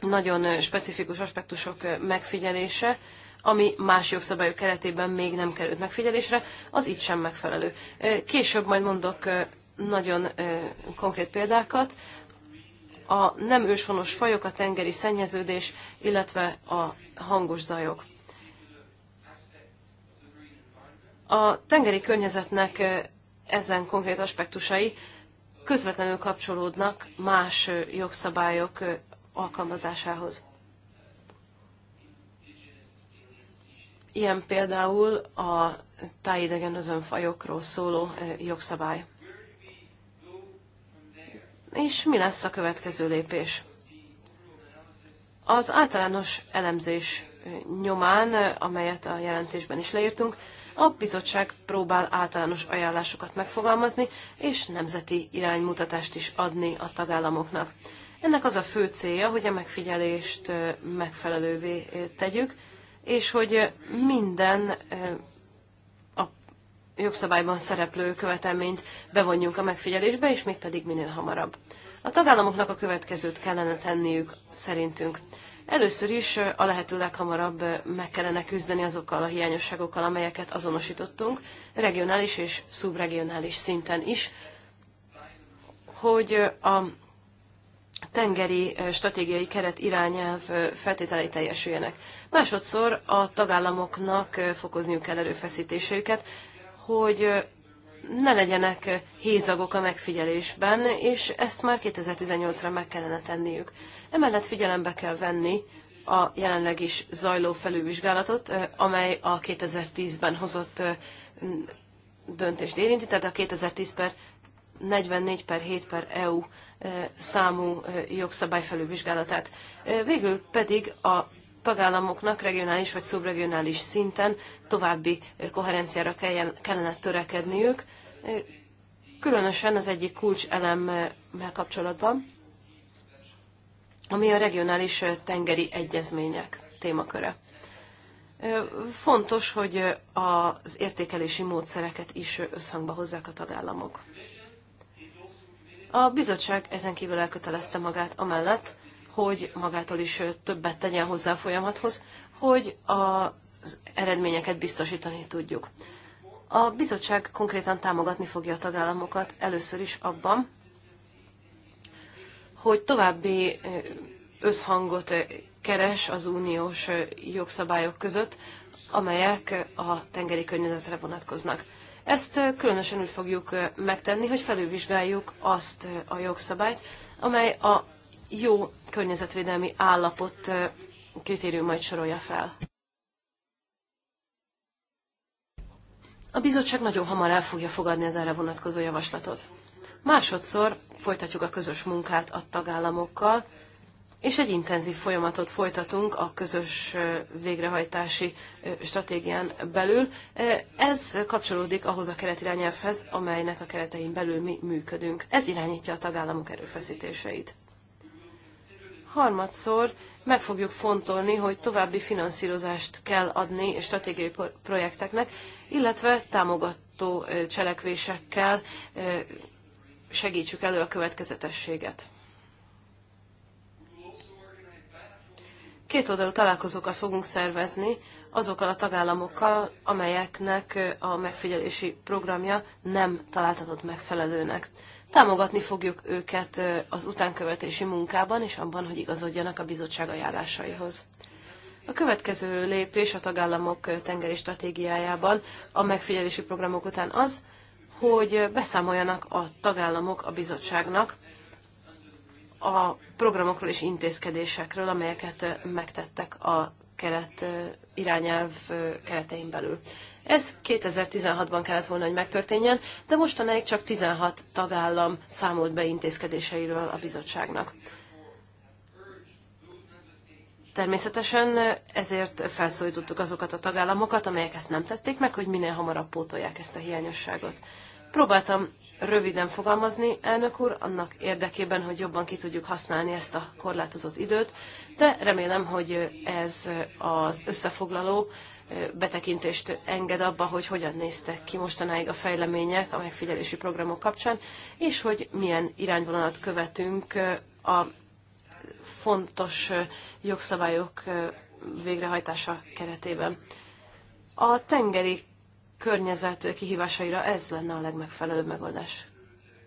D: nagyon specifikus aspektusok megfigyelése ami más jogszabályok keretében még nem került megfigyelésre, az itt sem megfelelő. Később majd mondok nagyon konkrét példákat. A nem őshonos fajok, a tengeri szennyeződés, illetve a hangos zajok. A tengeri környezetnek ezen konkrét aspektusai közvetlenül kapcsolódnak más jogszabályok alkalmazásához. Ilyen például a tájidegen özönfajokról szóló jogszabály. És mi lesz a következő lépés? Az általános elemzés nyomán, amelyet a jelentésben is leírtunk, a bizottság próbál általános ajánlásokat megfogalmazni, és nemzeti iránymutatást is adni a tagállamoknak. Ennek az a fő célja, hogy a megfigyelést megfelelővé tegyük, és hogy minden eh, a jogszabályban szereplő követelményt bevonjunk a megfigyelésbe, és mégpedig minél hamarabb. A tagállamoknak a következőt kellene tenniük szerintünk. Először is eh, a lehető leghamarabb eh, meg kellene küzdeni azokkal a hiányosságokkal, amelyeket azonosítottunk, regionális és szubregionális szinten is, hogy a tengeri stratégiai keret irányelv feltételei teljesüljenek. Másodszor a tagállamoknak fokozniuk kell erőfeszítéseiket, hogy ne legyenek hézagok a megfigyelésben, és ezt már 2018-ra meg kellene tenniük. Emellett figyelembe kell venni a jelenleg is zajló felülvizsgálatot, amely a 2010-ben hozott döntést érinti, tehát a 2010 per 44 per 7 per EU számú jogszabály felülvizsgálatát. Végül pedig a tagállamoknak regionális vagy szubregionális szinten további koherenciára kellene törekedniük, különösen az egyik elemmel kapcsolatban, ami a regionális tengeri egyezmények témaköre. Fontos, hogy az értékelési módszereket is összhangba hozzák a tagállamok. A bizottság ezen kívül elkötelezte magát amellett, hogy magától is többet tegyen hozzá a folyamathoz, hogy az eredményeket biztosítani tudjuk. A bizottság konkrétan támogatni fogja a tagállamokat először is abban, hogy további összhangot keres az uniós jogszabályok között, amelyek a tengeri környezetre vonatkoznak. Ezt különösen úgy fogjuk megtenni, hogy felülvizsgáljuk azt a jogszabályt, amely a jó környezetvédelmi állapot kritériumait sorolja fel. A bizottság nagyon hamar el fogja fogadni az erre vonatkozó javaslatot. Másodszor folytatjuk a közös munkát a tagállamokkal, és egy intenzív folyamatot folytatunk a közös végrehajtási stratégián belül. Ez kapcsolódik ahhoz a keretirányelvhez, amelynek a keretein belül mi működünk. Ez irányítja a tagállamok erőfeszítéseit. Harmadszor meg fogjuk fontolni, hogy további finanszírozást kell adni stratégiai projekteknek, illetve támogató cselekvésekkel segítsük elő a következetességet. Kétoldalú találkozókat fogunk szervezni azokkal a tagállamokkal, amelyeknek a megfigyelési programja nem találtatott megfelelőnek. Támogatni fogjuk őket az utánkövetési munkában és abban, hogy igazodjanak a bizottság ajánlásaihoz. A következő lépés a tagállamok tengeri stratégiájában a megfigyelési programok után az, hogy beszámoljanak a tagállamok a bizottságnak a programokról és intézkedésekről, amelyeket megtettek a keret irányelv keretein belül. Ez 2016-ban kellett volna, hogy megtörténjen, de mostanáig csak 16 tagállam számolt be intézkedéseiről a bizottságnak. Természetesen ezért felszólítottuk azokat a tagállamokat, amelyek ezt nem tették meg, hogy minél hamarabb pótolják ezt a hiányosságot. Próbáltam röviden fogalmazni, elnök úr, annak érdekében, hogy jobban ki tudjuk használni ezt a korlátozott időt, de remélem, hogy ez az összefoglaló betekintést enged abba, hogy hogyan néztek ki mostanáig a fejlemények a megfigyelési programok kapcsán, és hogy milyen irányvonalat követünk a fontos jogszabályok végrehajtása keretében. A tengeri környezet kihívásaira ez lenne a legmegfelelőbb megoldás.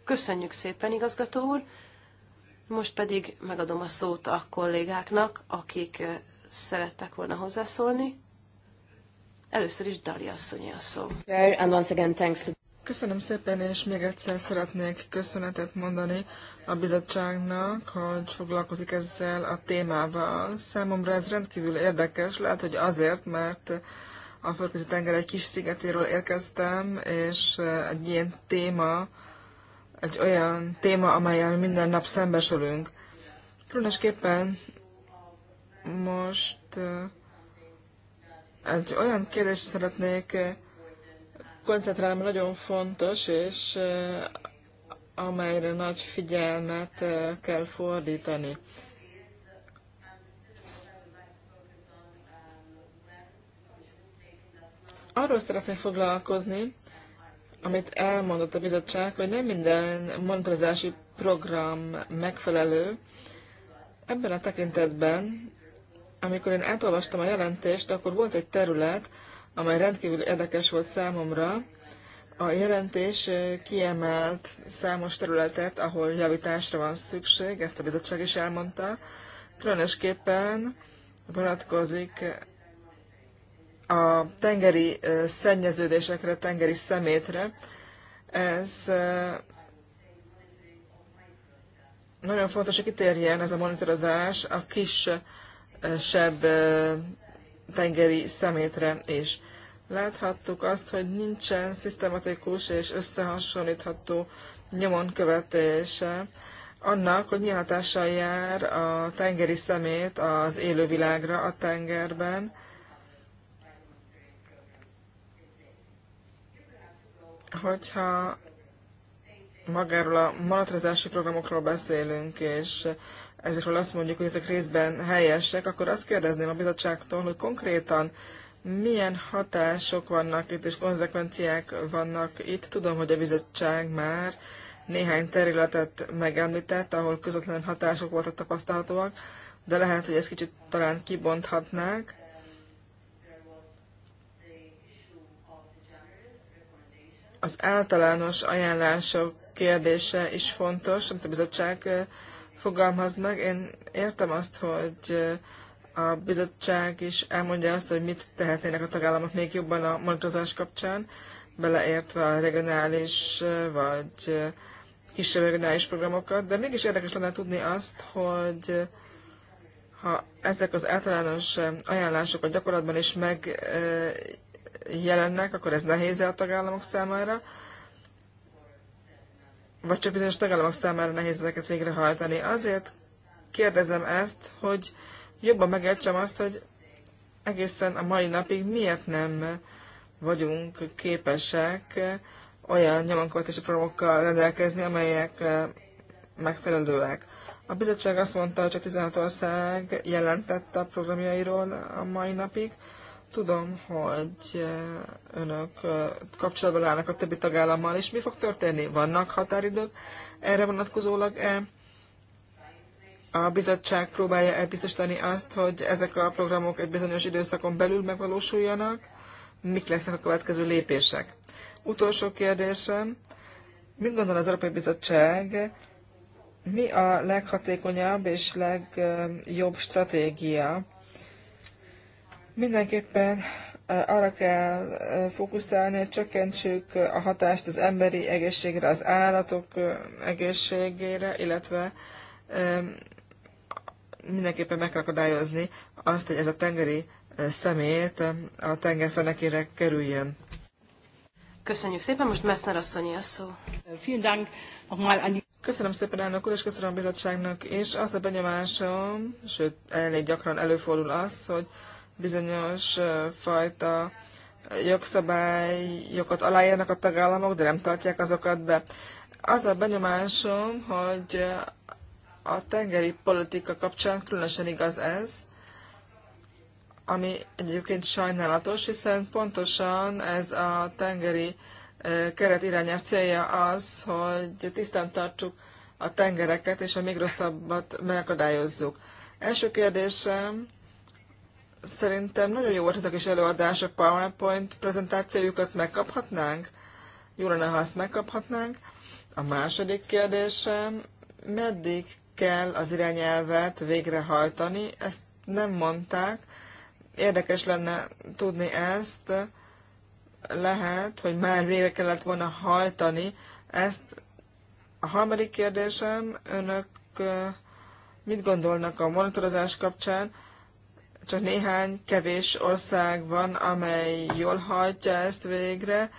D: Köszönjük szépen, igazgató úr! Most pedig megadom a szót a kollégáknak, akik szerettek volna hozzászólni. Először is Dali asszonyi a szó.
C: Köszönöm szépen, és még egyszer szeretnék köszönetet mondani a bizottságnak, hogy foglalkozik ezzel a témával. Számomra ez rendkívül érdekes, lehet, hogy azért, mert a földközi tenger egy kis szigetéről érkeztem, és eh, egy ilyen téma, egy olyan téma, amelyel minden nap szembesülünk. Különösképpen most eh, egy olyan kérdést szeretnék eh, koncentrálni, nagyon fontos, és amelyre nagy figyelmet kell fordítani. Arról szeretnék foglalkozni, amit elmondott a bizottság, hogy nem minden monitorozási program megfelelő. Ebben a tekintetben, amikor én átolvastam a jelentést, akkor volt egy terület, amely rendkívül érdekes volt számomra. A jelentés kiemelt számos területet, ahol javításra van szükség, ezt a bizottság is elmondta. Különösképpen vonatkozik a tengeri szennyeződésekre, tengeri szemétre. Ez nagyon fontos, hogy kitérjen ez a monitorozás a kisebb tengeri szemétre is. Láthattuk azt, hogy nincsen szisztematikus és összehasonlítható nyomon követése annak, hogy milyen hatással jár a tengeri szemét az élővilágra a tengerben, Hogyha magáról a monatrezási programokról beszélünk, és ezekről azt mondjuk, hogy ezek részben helyesek, akkor azt kérdezném a bizottságtól, hogy konkrétan milyen hatások vannak itt, és konzekvenciák vannak itt. Tudom, hogy a bizottság már néhány területet megemlített, ahol közvetlen hatások voltak tapasztalhatóak, de lehet, hogy ezt kicsit talán kibonthatnák. az általános ajánlások kérdése is fontos, amit a bizottság fogalmaz meg. Én értem azt, hogy a bizottság is elmondja azt, hogy mit tehetnének a tagállamok még jobban a monitorozás kapcsán, beleértve a regionális vagy kisebb regionális programokat, de mégis érdekes lenne tudni azt, hogy ha ezek az általános ajánlások a gyakorlatban is meg jelennek, akkor ez nehéz -e a tagállamok számára, vagy csak bizonyos tagállamok számára nehéz ezeket végrehajtani. Azért kérdezem ezt, hogy jobban megértsem azt, hogy egészen a mai napig miért nem vagyunk képesek olyan nyomankövetési programokkal rendelkezni, amelyek eh, megfelelőek. A bizottság azt mondta, hogy csak 16 ország jelentette a programjairól a mai napig. Tudom, hogy eh, önök eh, kapcsolatban állnak a többi tagállammal, és mi fog történni? Vannak határidők erre vonatkozólag-e? A bizottság próbálja elbiztosítani azt, hogy ezek a programok egy bizonyos időszakon belül megvalósuljanak? Mik lesznek a következő lépések? Utolsó kérdésem. Mit gondol az Európai Bizottság, mi a leghatékonyabb és legjobb stratégia Mindenképpen arra kell fókuszálni, hogy csökkentsük a hatást az emberi egészségre, az állatok egészségére, illetve mindenképpen meg kell akadályozni azt, hogy ez a tengeri szemét a tenger kerüljön. Köszönjük szépen, most Messner asszonyi a szó. Köszönöm szépen elnök úr, és köszönöm a bizottságnak, és az a benyomásom, sőt elég gyakran előfordul az, hogy bizonyos fajta jogszabályokat aláírnak a tagállamok, de nem tartják azokat be. Az a benyomásom, hogy a tengeri politika kapcsán különösen igaz ez, ami egyébként sajnálatos, hiszen pontosan ez a tengeri keret irányelv célja az, hogy tisztán tartsuk a tengereket, és a még rosszabbat megakadályozzuk. Első kérdésem Szerintem nagyon jó volt ez a kis előadás a PowerPoint prezentációjukat megkaphatnánk? Jó lenne, ha azt megkaphatnánk. A második kérdésem, meddig kell az irányelvet végrehajtani? Ezt nem mondták. Érdekes lenne tudni ezt. Lehet, hogy már végre kellett volna hajtani. Ezt a harmadik kérdésem, önök mit gondolnak a monitorozás kapcsán? csak néhány kevés ország van, amely jól hajtja ezt végre,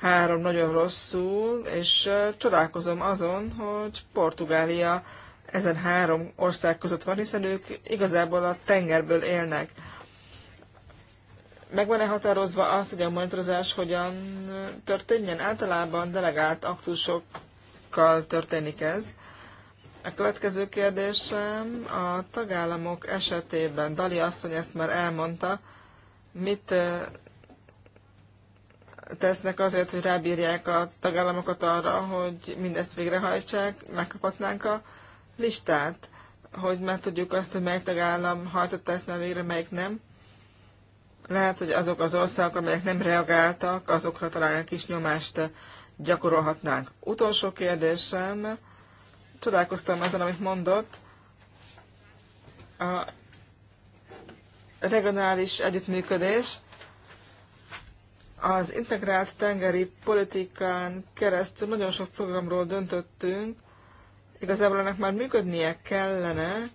C: három nagyon rosszul, és csodálkozom azon, hogy Portugália ezen három ország között van, hiszen ők igazából a tengerből élnek. Meg van-e határozva az, hogy a monitorozás hogyan történjen? Általában delegált aktusokkal történik ez. A következő kérdésem a tagállamok esetében, Dali asszony ezt már elmondta, mit tesznek azért, hogy rábírják a tagállamokat arra, hogy mindezt végrehajtsák, megkaphatnánk a listát, hogy már tudjuk azt, hogy melyik tagállam hajtotta ezt már végre, melyik nem. Lehet, hogy azok az országok, amelyek nem reagáltak, azokra talán egy kis nyomást gyakorolhatnánk. Utolsó kérdésem, csodálkoztam ezen, amit mondott. A regionális együttműködés az integrált tengeri politikán keresztül nagyon sok programról döntöttünk. Igazából ennek már működnie kellene.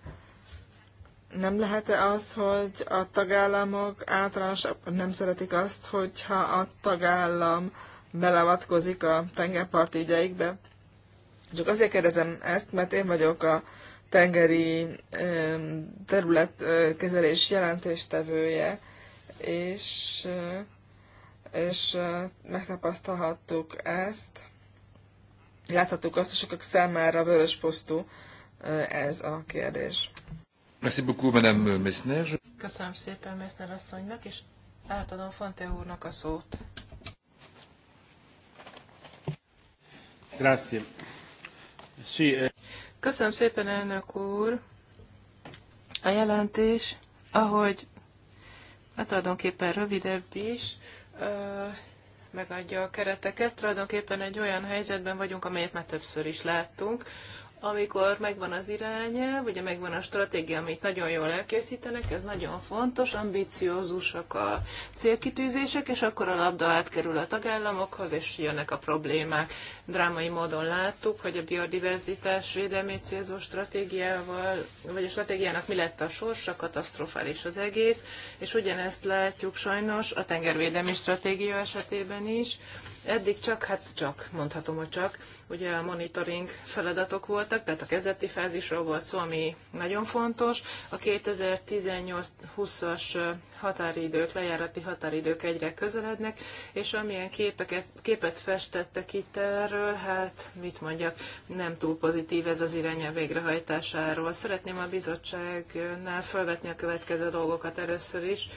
C: Nem lehet-e az, hogy a tagállamok általánosabban nem szeretik azt, hogyha a tagállam beleavatkozik a tengerparti ügyeikbe? Csak azért kérdezem ezt, mert én vagyok a tengeri területkezelés jelentéstevője, és, és megtapasztalhattuk ezt. Láthattuk azt, hogy sokak számára vörös posztú ez a kérdés.
B: Köszönöm szépen Messner asszonynak, és átadom Fonte úrnak a szót.
A: Grazie. Eh.
B: Köszönöm szépen, elnök úr. A jelentés, ahogy hát tulajdonképpen rövidebb is, megadja a kereteket. Tulajdonképpen egy olyan helyzetben vagyunk, amelyet már többször is láttunk, amikor megvan az irányelv, ugye megvan a stratégia, amit nagyon jól elkészítenek, ez nagyon fontos, ambiciózusak a célkitűzések, és akkor a labda átkerül a tagállamokhoz, és jönnek a problémák. Drámai módon láttuk, hogy a biodiverzitás védelmét célzó stratégiával, vagy a stratégiának mi lett a sorsa, katasztrofális az egész, és ugyanezt látjuk sajnos a tengervédelmi stratégia esetében is, Eddig csak, hát csak, mondhatom, hogy csak, ugye a monitoring feladatok voltak, tehát a kezdeti fázisról volt szó, ami nagyon fontos. A 2018-20-as határidők, lejárati határidők egyre közelednek, és amilyen képeket, képet festettek itt erről, hát mit mondjak, nem túl pozitív ez az a végrehajtásáról. Szeretném a bizottságnál felvetni a következő dolgokat először is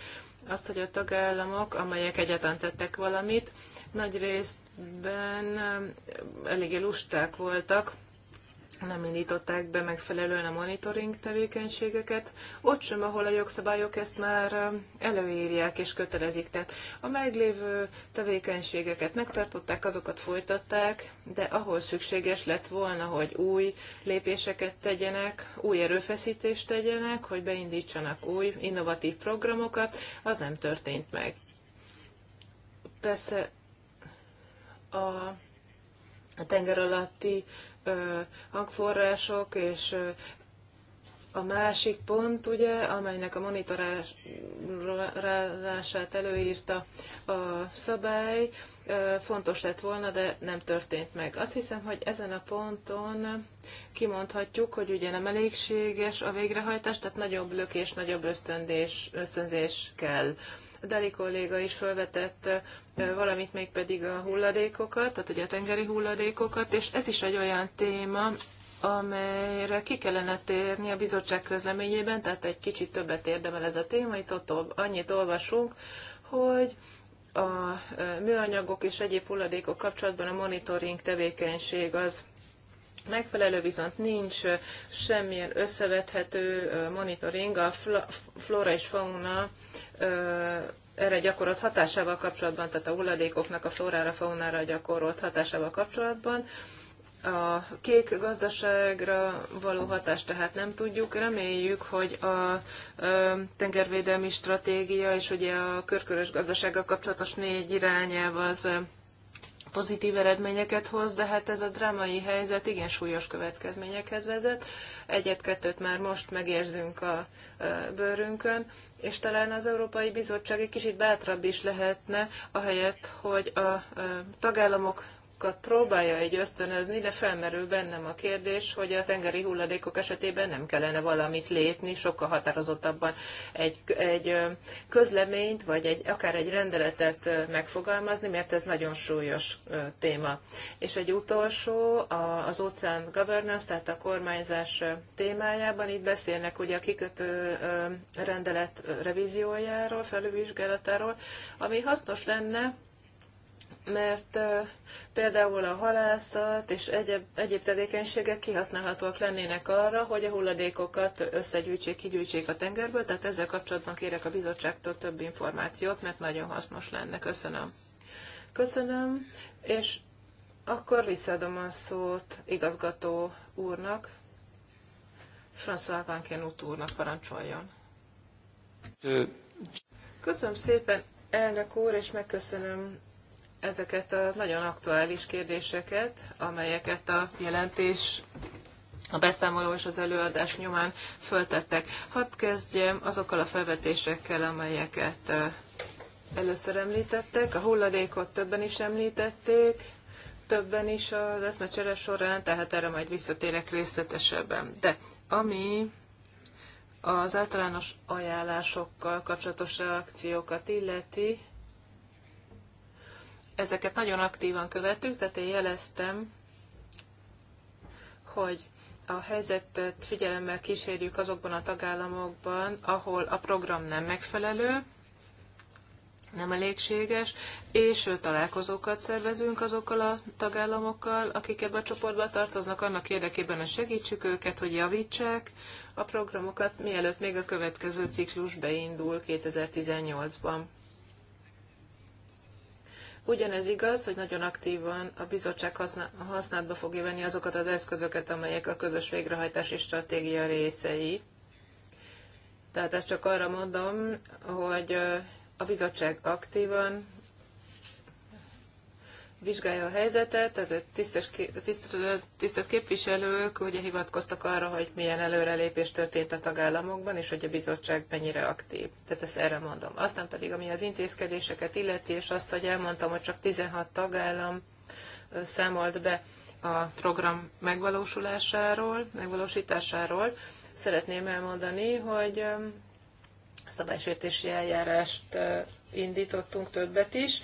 B: azt, hogy a tagállamok, amelyek egyetlen tettek valamit, nagy részben um, eléggé lusták voltak, nem indították be megfelelően a monitoring tevékenységeket, ott sem, ahol a jogszabályok ezt már um, előírják és kötelezik. Tehát a meglévő tevékenységeket megtartották, azokat folytatták, de ahol szükséges lett volna, hogy új lépéseket tegyenek, új erőfeszítést tegyenek, hogy beindítsanak új innovatív programokat, az nem történt meg. Persze a a tenger alatti ö, hangforrások, és ö, a másik pont, ugye, amelynek a monitorálását előírta a szabály, ö, fontos lett volna, de nem történt meg. Azt hiszem, hogy ezen a ponton kimondhatjuk, hogy ugye nem elégséges a végrehajtás, tehát nagyobb lökés, nagyobb ösztöndés, ösztönzés kell. Ö, Deli kolléga is felvetett valamit még pedig a hulladékokat, tehát ugye a tengeri hulladékokat, és ez is egy olyan téma, amelyre ki kellene térni a bizottság közleményében, tehát egy kicsit többet érdemel ez a téma, itt ott annyit olvasunk, hogy a műanyagok és egyéb hulladékok kapcsolatban a monitoring tevékenység az megfelelő, viszont nincs semmilyen összevethető monitoring a flora és fauna erre gyakorolt hatásával kapcsolatban, tehát a hulladékoknak a flórára, faunára gyakorolt hatásával kapcsolatban. A kék gazdaságra való hatást tehát nem tudjuk. Reméljük, hogy a tengervédelmi stratégia és ugye a körkörös gazdasággal kapcsolatos négy irányelv az pozitív eredményeket hoz, de hát ez a drámai helyzet igen súlyos következményekhez vezet. Egyet-kettőt már most megérzünk a bőrünkön, és talán az Európai Bizottság egy kicsit bátrabb is lehetne, ahelyett, hogy a tagállamok hulladékokat próbálja egy ösztönözni, de felmerül bennem a kérdés, hogy a tengeri hulladékok esetében nem kellene valamit lépni, sokkal határozottabban egy, egy közleményt, vagy egy, akár egy rendeletet megfogalmazni, mert ez nagyon súlyos téma. És egy utolsó, az Ocean Governance, tehát a kormányzás témájában itt beszélnek ugye a kikötő rendelet revíziójáról, felülvizsgálatáról, ami hasznos lenne, mert például a halászat és egyéb, egyéb tevékenységek kihasználhatóak lennének arra, hogy a hulladékokat összegyűjtsék, kigyűjtsék a tengerből, tehát ezzel kapcsolatban kérek a bizottságtól több információt, mert nagyon hasznos lenne. Köszönöm. Köszönöm, és akkor visszaadom a szót igazgató úrnak, François Vankenut úrnak parancsoljon. Köszönöm szépen, elnök úr, és megköszönöm ezeket a nagyon aktuális kérdéseket, amelyeket a jelentés a beszámoló és az előadás nyomán föltettek. Hadd kezdjem azokkal a felvetésekkel, amelyeket először említettek. A hulladékot többen is említették, többen is az eszmecsere során, tehát erre majd visszatérek részletesebben. De ami az általános ajánlásokkal kapcsolatos reakciókat illeti, ezeket nagyon aktívan követtük, tehát én jeleztem, hogy a helyzetet figyelemmel kísérjük azokban a tagállamokban, ahol a program nem megfelelő, nem elégséges, és találkozókat szervezünk azokkal a tagállamokkal, akik ebbe a csoportba tartoznak, annak érdekében, hogy segítsük őket, hogy javítsák a programokat, mielőtt még a következő ciklus beindul 2018-ban. Ugyanez igaz, hogy nagyon aktívan a bizottság használatba fogja venni azokat az eszközöket, amelyek a közös végrehajtási stratégia részei. Tehát ezt csak arra mondom, hogy a bizottság aktívan vizsgálja a helyzetet, tehát tisztes, tisztet, tisztelt képviselők ugye hivatkoztak arra, hogy milyen előrelépés történt a tagállamokban, és hogy a bizottság mennyire aktív. Tehát ezt erre mondom. Aztán pedig, ami az intézkedéseket illeti, és azt, hogy elmondtam, hogy csak 16 tagállam számolt be a program megvalósulásáról, megvalósításáról, szeretném elmondani, hogy szabálysértési eljárást indítottunk többet is,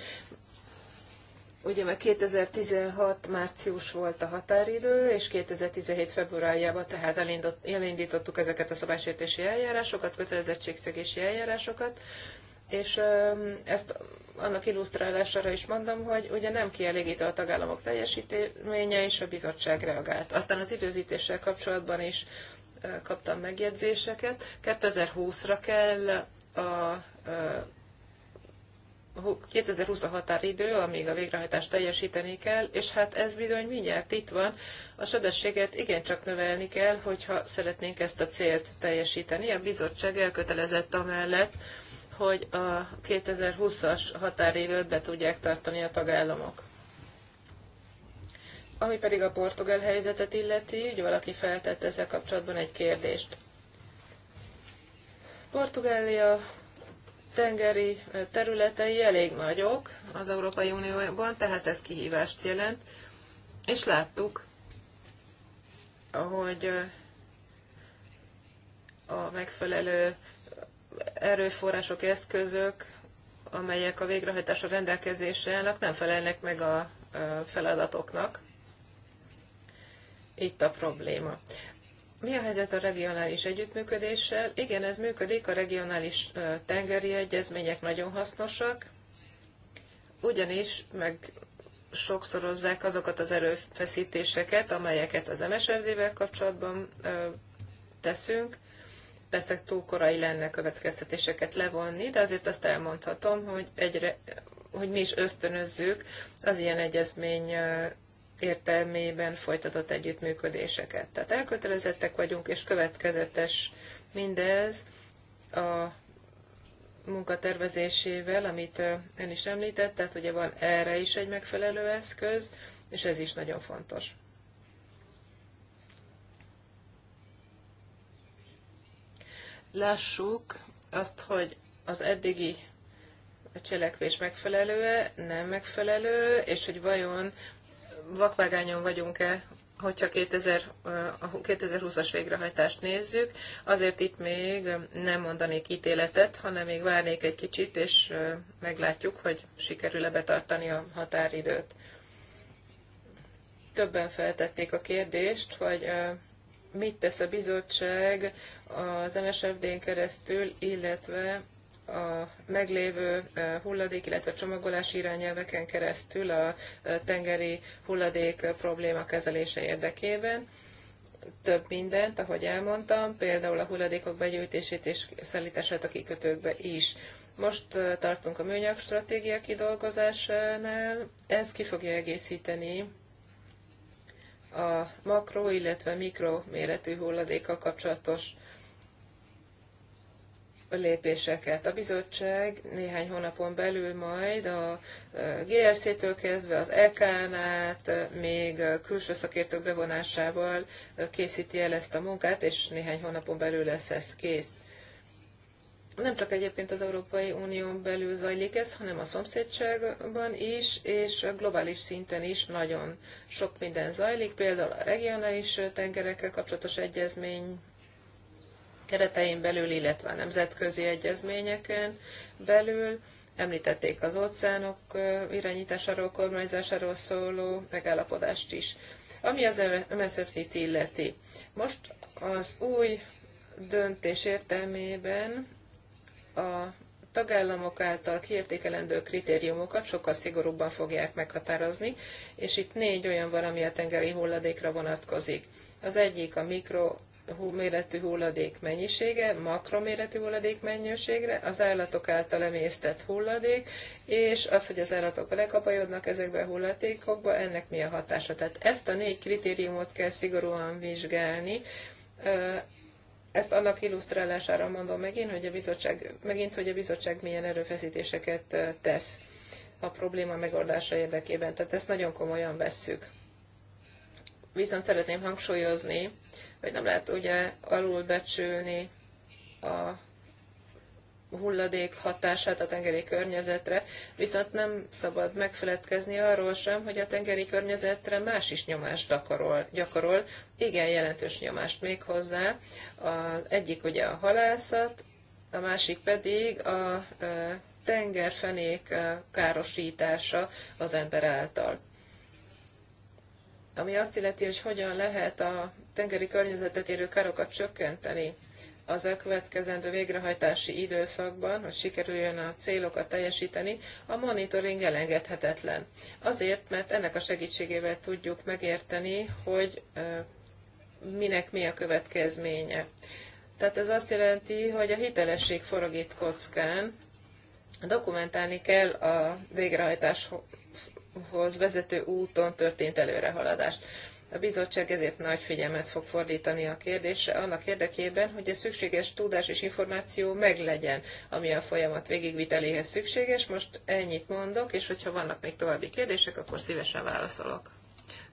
B: Ugye mert 2016 március volt a határidő, és 2017 februárjában tehát elindítottuk ezeket a szabálysértési eljárásokat, kötelezettségszegési eljárásokat, és ezt annak illusztrálására is mondom, hogy ugye nem kielégítő a tagállamok teljesítménye, és a bizottság reagált. Aztán az időzítéssel kapcsolatban is kaptam megjegyzéseket. 2020-ra kell a 2020 a határidő, amíg a végrehajtást teljesíteni kell, és hát ez bizony mindjárt itt van. A sebességet igencsak növelni kell, hogyha szeretnénk ezt a célt teljesíteni. A bizottság elkötelezett amellett, hogy a 2020-as határidőt be tudják tartani a tagállamok. Ami pedig a portugál helyzetet illeti, ugye valaki feltett ezzel kapcsolatban egy kérdést. Portugália tengeri területei elég nagyok az Európai Unióban, tehát ez kihívást jelent. És láttuk, hogy a megfelelő erőforrások, eszközök, amelyek a végrehajtásra rendelkezésre állnak, nem felelnek meg a feladatoknak. Itt a probléma. Mi a helyzet a regionális együttműködéssel? Igen, ez működik, a regionális tengeri egyezmények nagyon hasznosak, ugyanis meg sokszorozzák azokat az erőfeszítéseket, amelyeket az MSRD-vel kapcsolatban teszünk. Persze túl korai lenne következtetéseket levonni, de azért azt elmondhatom, hogy, egyre, hogy mi is ösztönözzük az ilyen egyezmény értelmében folytatott együttműködéseket. Tehát elkötelezettek vagyunk, és következetes mindez a munkatervezésével, amit ön is említett, tehát ugye van erre is egy megfelelő eszköz, és ez is nagyon fontos. Lássuk azt, hogy az eddigi cselekvés megfelelő-e, nem megfelelő, és hogy vajon vakvágányon vagyunk-e, hogyha 2000, a 2020-as végrehajtást nézzük, azért itt még nem mondanék ítéletet, hanem még várnék egy kicsit, és meglátjuk, hogy sikerül-e betartani a határidőt. Többen feltették a kérdést, hogy mit tesz a bizottság az MSFD-n keresztül, illetve a meglévő hulladék, illetve csomagolási irányelveken keresztül a tengeri hulladék probléma kezelése érdekében több mindent, ahogy elmondtam, például a hulladékok begyűjtését és szállítását a kikötőkbe is. Most tartunk a műanyag stratégia kidolgozásánál, ez ki fogja egészíteni a makro, illetve mikro méretű hulladékkal kapcsolatos lépéseket. A bizottság néhány hónapon belül majd a e, GRC-től kezdve az EK-n át, e, még e, külső szakértők bevonásával készíti el ezt a munkát, és néhány hónapon belül lesz ez kész. Nem csak egyébként az Európai Unión belül zajlik ez, hanem a szomszédságban is, és globális szinten is nagyon sok minden zajlik, például a regionális tengerekkel kapcsolatos egyezmény keretein belül, illetve a nemzetközi egyezményeken belül. Említették az óceánok irányításáról, kormányzásáról szóló megállapodást is. Ami az MSZFT-t illeti. Most az új döntés értelmében a tagállamok által kiértékelendő kritériumokat sokkal szigorúbban fogják meghatározni, és itt négy olyan valami a tengeri hulladékra vonatkozik. Az egyik a mikro méretű hulladék mennyisége, makroméretű hulladék mennyiségre, az állatok által emésztett hulladék, és az, hogy az állatok belekapajodnak ezekbe a hulladékokba, ennek mi a hatása. Tehát ezt a négy kritériumot kell szigorúan vizsgálni, ezt annak illusztrálására mondom megint, hogy a bizottság, megint, hogy a bizottság milyen erőfeszítéseket tesz a probléma megoldása érdekében. Tehát ezt nagyon komolyan vesszük. Viszont szeretném hangsúlyozni, hogy nem lehet ugye alulbecsülni a hulladék hatását a tengeri környezetre, viszont nem szabad megfeledkezni arról sem, hogy a tengeri környezetre más is nyomást gyakorol, gyakorol igen jelentős nyomást még hozzá. Az egyik ugye a halászat, a másik pedig a e, tengerfenék e, károsítása az ember által ami azt illeti, hogy hogyan lehet a tengeri környezetet érő károkat csökkenteni az elkövetkezendő végrehajtási időszakban, hogy sikerüljön a célokat teljesíteni, a monitoring elengedhetetlen. Azért, mert ennek a segítségével tudjuk megérteni, hogy minek mi a következménye. Tehát ez azt jelenti, hogy a hitelesség forog itt kockán, dokumentálni kell a végrehajtás hoz vezető úton történt előrehaladást. A bizottság ezért nagy figyelmet fog fordítani a kérdésre, annak érdekében, hogy a szükséges tudás és információ meglegyen, ami a folyamat végigviteléhez szükséges. Most ennyit mondok, és hogyha vannak még további kérdések, akkor szívesen válaszolok.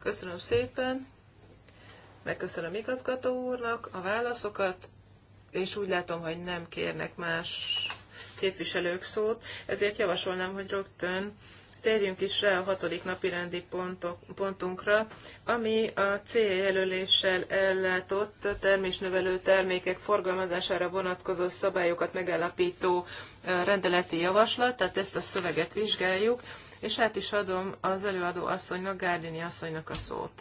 B: Köszönöm szépen, megköszönöm igazgató úrnak a válaszokat, és úgy látom, hogy nem kérnek más képviselők szót, ezért javasolnám, hogy rögtön térjünk is rá a hatodik napi rendi pontok, pontunkra, ami a céljelöléssel ellátott termésnövelő termékek forgalmazására vonatkozó szabályokat megállapító rendeleti javaslat, tehát ezt a szöveget vizsgáljuk, és hát is adom az előadó asszonynak, Gárdini asszonynak a szót.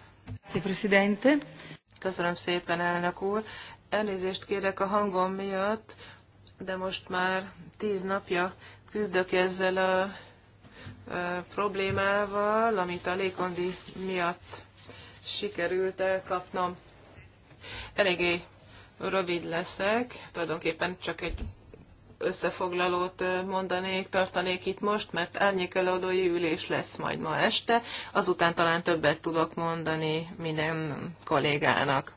B: Köszönöm szépen, elnök úr. Elnézést kérek a hangom miatt, de most már tíz napja küzdök ezzel a problémával, amit a légkondi miatt sikerült elkapnom. Eléggé rövid leszek, tulajdonképpen csak egy összefoglalót mondanék, tartanék itt most, mert árnyékelődői ülés lesz majd ma este, azután talán többet tudok mondani minden kollégának.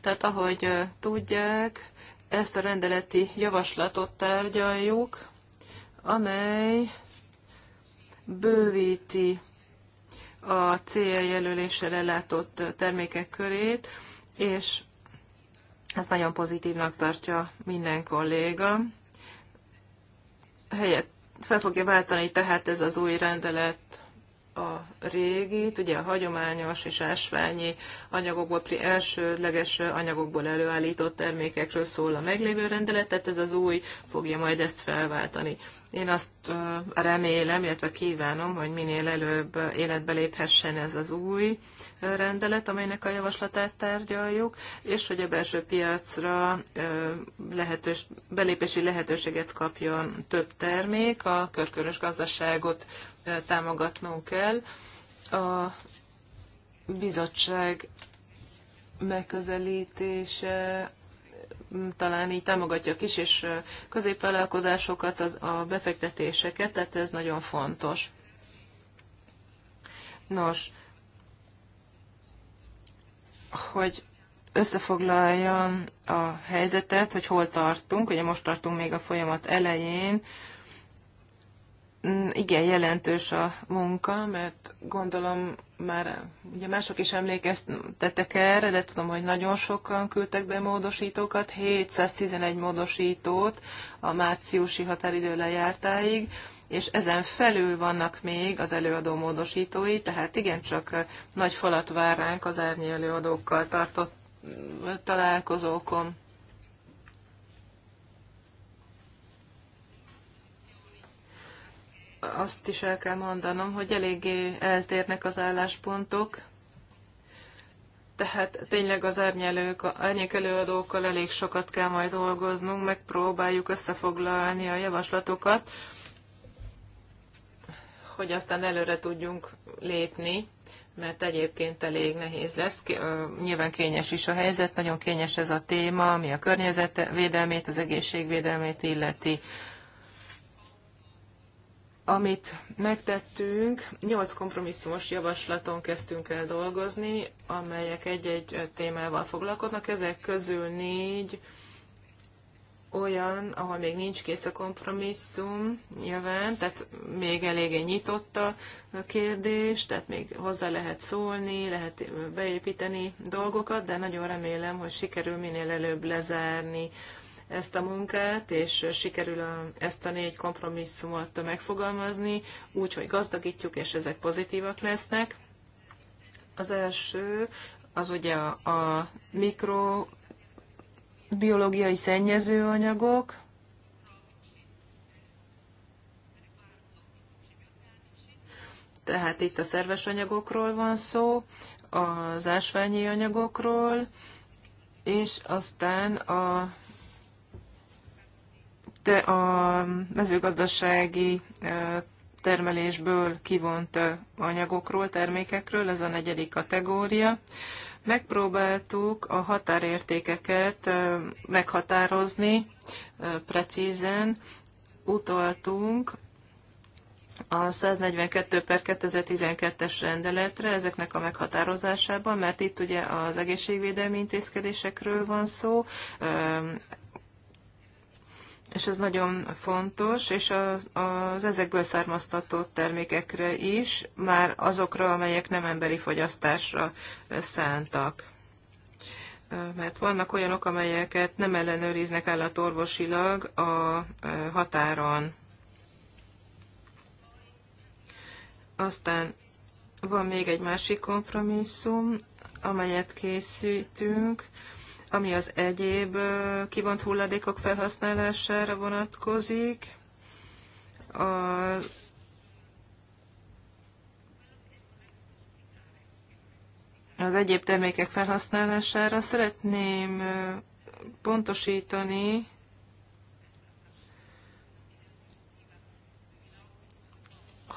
B: Tehát ahogy tudják, ezt a rendeleti javaslatot tárgyaljuk, amely bővíti a CE jelöléssel ellátott termékek körét, és ezt nagyon pozitívnak tartja minden kolléga. Helyett fel fogja váltani tehát ez az új rendelet a régit, ugye a hagyományos és ásványi anyagokból, elsődleges anyagokból előállított termékekről szól a meglévő rendelet, tehát ez az új fogja majd ezt felváltani. Én azt remélem, illetve kívánom, hogy minél előbb életbe léphessen ez az új rendelet, amelynek a javaslatát tárgyaljuk, és hogy a belső piacra lehetős, belépési lehetőséget kapjon több termék, a körkörös gazdaságot támogatnunk kell. A bizottság megközelítése talán így támogatja a kis és középvállalkozásokat, az, a befektetéseket, tehát ez nagyon fontos. Nos, hogy összefoglaljam a helyzetet, hogy hol tartunk, ugye most tartunk még a folyamat elején, Mm, igen jelentős a munka, mert gondolom már ugye mások is emlékeztettek erre, de tudom, hogy nagyon sokan küldtek be módosítókat, 711 módosítót a márciusi határidő lejártáig, és ezen felül vannak még az előadó módosítói, tehát igencsak nagy falat vár ránk az árnyi előadókkal tartott találkozókon. azt is el kell mondanom, hogy eléggé eltérnek az álláspontok, tehát tényleg az árnyék előadókkal elég sokat kell majd dolgoznunk, megpróbáljuk összefoglalni a javaslatokat, hogy aztán előre tudjunk lépni, mert egyébként elég nehéz lesz. Nyilván kényes is a helyzet, nagyon kényes ez a téma, ami a környezetvédelmét, az egészségvédelmét illeti amit megtettünk, nyolc kompromisszumos javaslaton kezdtünk el dolgozni, amelyek egy-egy témával foglalkoznak. Ezek közül négy olyan, ahol még nincs kész a kompromisszum, nyilván, tehát még eléggé nyitott a kérdés, tehát még hozzá lehet szólni, lehet beépíteni dolgokat, de nagyon remélem, hogy sikerül minél előbb lezárni ezt a munkát, és sikerül a, ezt a négy kompromisszumot megfogalmazni, úgy, hogy gazdagítjuk, és ezek pozitívak lesznek. Az első, az ugye a, a mikrobiológiai szennyezőanyagok, tehát itt a szerves anyagokról van szó, az ásványi anyagokról, és aztán a te a mezőgazdasági termelésből kivont anyagokról, termékekről, ez a negyedik kategória. Megpróbáltuk a határértékeket meghatározni precízen, utaltunk a 142 per 2012-es rendeletre ezeknek a meghatározásában, mert itt ugye az egészségvédelmi intézkedésekről van szó, és ez nagyon fontos, és az ezekből származtatott termékekre is, már azokra, amelyek nem emberi fogyasztásra szántak. Mert vannak olyanok, amelyeket nem ellenőriznek állatorvosilag a határon. Aztán van még egy másik kompromisszum, amelyet készítünk, ami az egyéb kibont hulladékok felhasználására vonatkozik, a az egyéb termékek felhasználására szeretném pontosítani,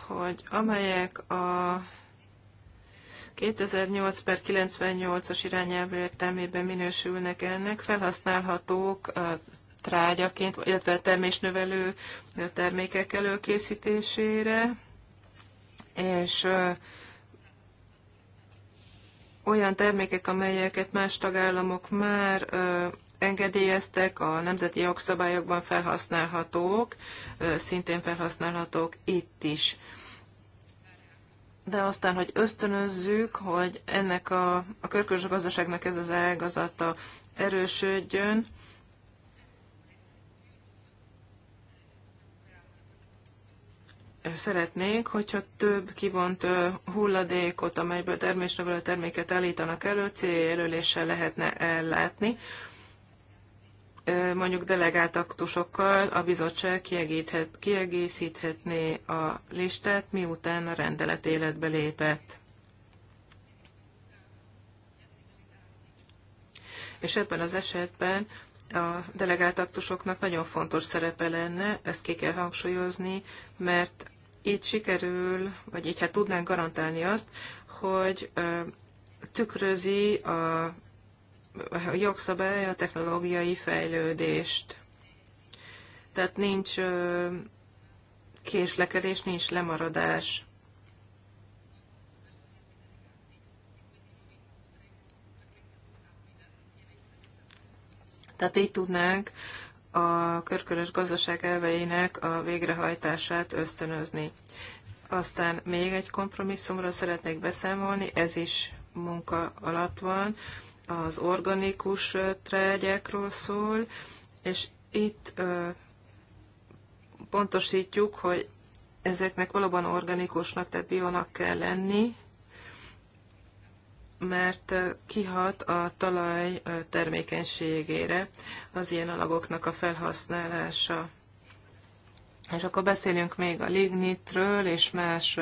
B: hogy amelyek a 2008 per 98-as irányelv értelmében minősülnek ennek, felhasználhatók a trágyaként, illetve a termésnövelő termékek előkészítésére, és olyan termékek, amelyeket más tagállamok már engedélyeztek, a nemzeti jogszabályokban felhasználhatók, szintén felhasználhatók itt is de aztán, hogy ösztönözzük, hogy ennek a, a körkörös gazdaságnak ez az ágazata erősödjön, szeretnék, hogyha több kivont hulladékot, amelyből termésnövelő terméket állítanak elő, céljelöléssel lehetne ellátni, mondjuk delegált aktusokkal a bizottság kiegészíthetné a listát, miután a rendelet életbe lépett. És ebben az esetben a delegált aktusoknak nagyon fontos szerepe lenne, ezt ki kell hangsúlyozni, mert így sikerül, vagy így hát tudnánk garantálni azt, hogy tükrözi a jogszabály a technológiai fejlődést. Tehát nincs késlekedés, nincs lemaradás. Tehát így tudnánk a körkörös gazdaság elveinek a végrehajtását ösztönözni. Aztán még egy kompromisszumra szeretnék beszámolni, ez is munka alatt van az organikus trágyákról szól, és itt pontosítjuk, hogy ezeknek valóban organikusnak, tehát bionak kell lenni, mert kihat a talaj termékenységére az ilyen alagoknak a felhasználása. És akkor beszélünk még a lignitről és más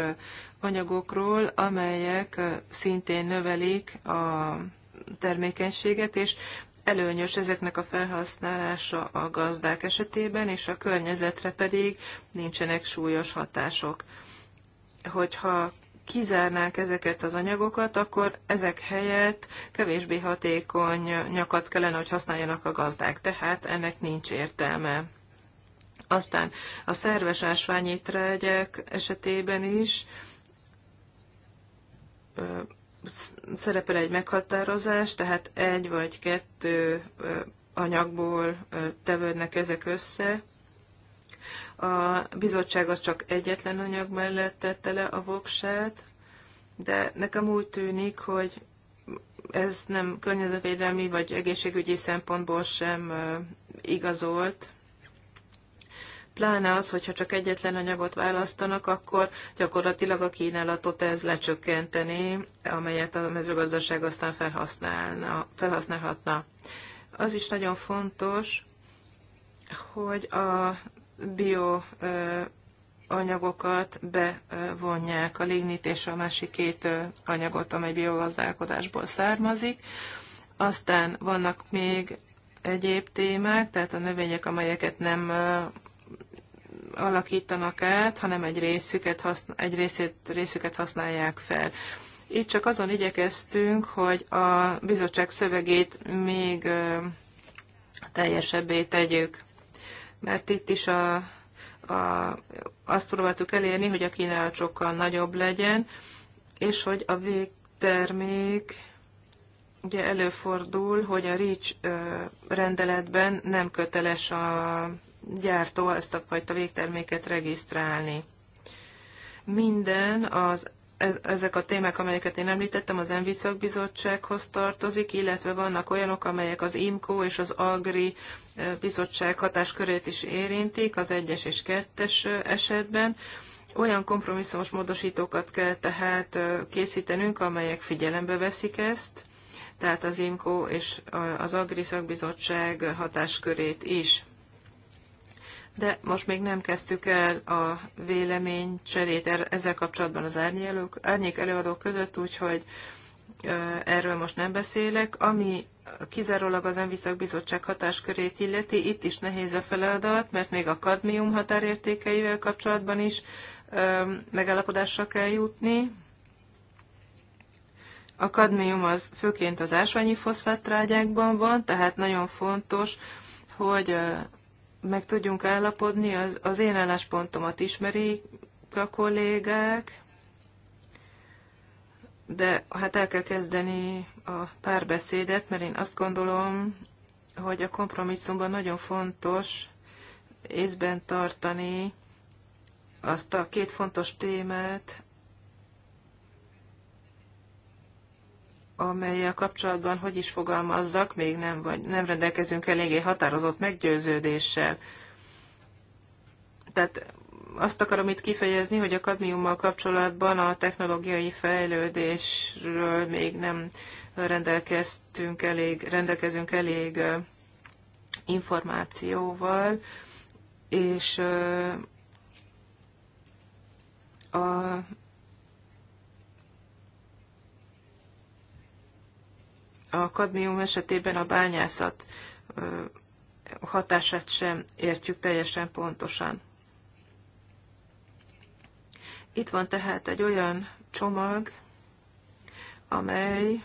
B: anyagokról, amelyek szintén növelik a termékenységet, és előnyös ezeknek a felhasználása a gazdák esetében, és a környezetre pedig nincsenek súlyos hatások. Hogyha kizárnánk ezeket az anyagokat, akkor ezek helyett kevésbé hatékony nyakat kellene, hogy használjanak a gazdák, tehát ennek nincs értelme. Aztán a szerves ásványi esetében is szerepel egy meghatározás, tehát egy vagy kettő anyagból tevődnek ezek össze. A bizottság az csak egyetlen anyag mellett tette le a voksát, de nekem úgy tűnik, hogy ez nem környezetvédelmi vagy egészségügyi szempontból sem igazolt, Pláne az, hogyha csak egyetlen anyagot választanak, akkor gyakorlatilag a kínálatot ez lecsökkenteni, amelyet a mezőgazdaság aztán felhasználna, felhasználhatna. Az is nagyon fontos, hogy a bio anyagokat bevonják, a lignit és a másik két anyagot, amely biogazdálkodásból származik. Aztán vannak még egyéb témák, tehát a növények, amelyeket nem alakítanak át, hanem egy, részüket haszn- egy részét, részüket használják fel. Itt csak azon igyekeztünk, hogy a bizottság szövegét még teljesebbé tegyük. Mert itt is a, a, azt próbáltuk elérni, hogy a kínálat sokkal nagyobb legyen, és hogy a végtermék ugye előfordul, hogy a REACH rendeletben nem köteles a gyártó ezt a fajta végterméket regisztrálni. Minden az ezek a témák, amelyeket én említettem, az ENVI szakbizottsághoz tartozik, illetve vannak olyanok, amelyek az IMCO és az AGRI eh, bizottság hatáskörét is érintik, az egyes és kettes eh, esetben. Olyan kompromisszumos módosítókat kell tehát eh, készítenünk, amelyek figyelembe veszik ezt, tehát az IMCO és az AGRI szakbizottság hatáskörét is de most még nem kezdtük el a vélemény cserét er- ezzel kapcsolatban az árnyék előadók között, úgyhogy erről most nem beszélek. Ami kizárólag az Enviszak Bizottság hatáskörét illeti, itt is nehéz a feladat, mert még a kadmium határértékeivel kapcsolatban is megállapodásra kell jutni. A kadmium az főként az ásványi trágyákban van, tehát nagyon fontos, hogy meg tudjunk állapodni, az, az én álláspontomat ismerik a kollégák, de hát el kell kezdeni a párbeszédet, mert én azt gondolom, hogy a kompromisszumban nagyon fontos észben tartani azt a két fontos témát, amelyel kapcsolatban hogy is fogalmazzak, még nem, vagy nem rendelkezünk eléggé határozott meggyőződéssel. Tehát azt akarom itt kifejezni, hogy a kadmiummal kapcsolatban a technológiai fejlődésről még nem rendelkeztünk elég, rendelkezünk elég információval, és a a kadmium esetében a bányászat hatását sem értjük teljesen pontosan. Itt van tehát egy olyan csomag, amely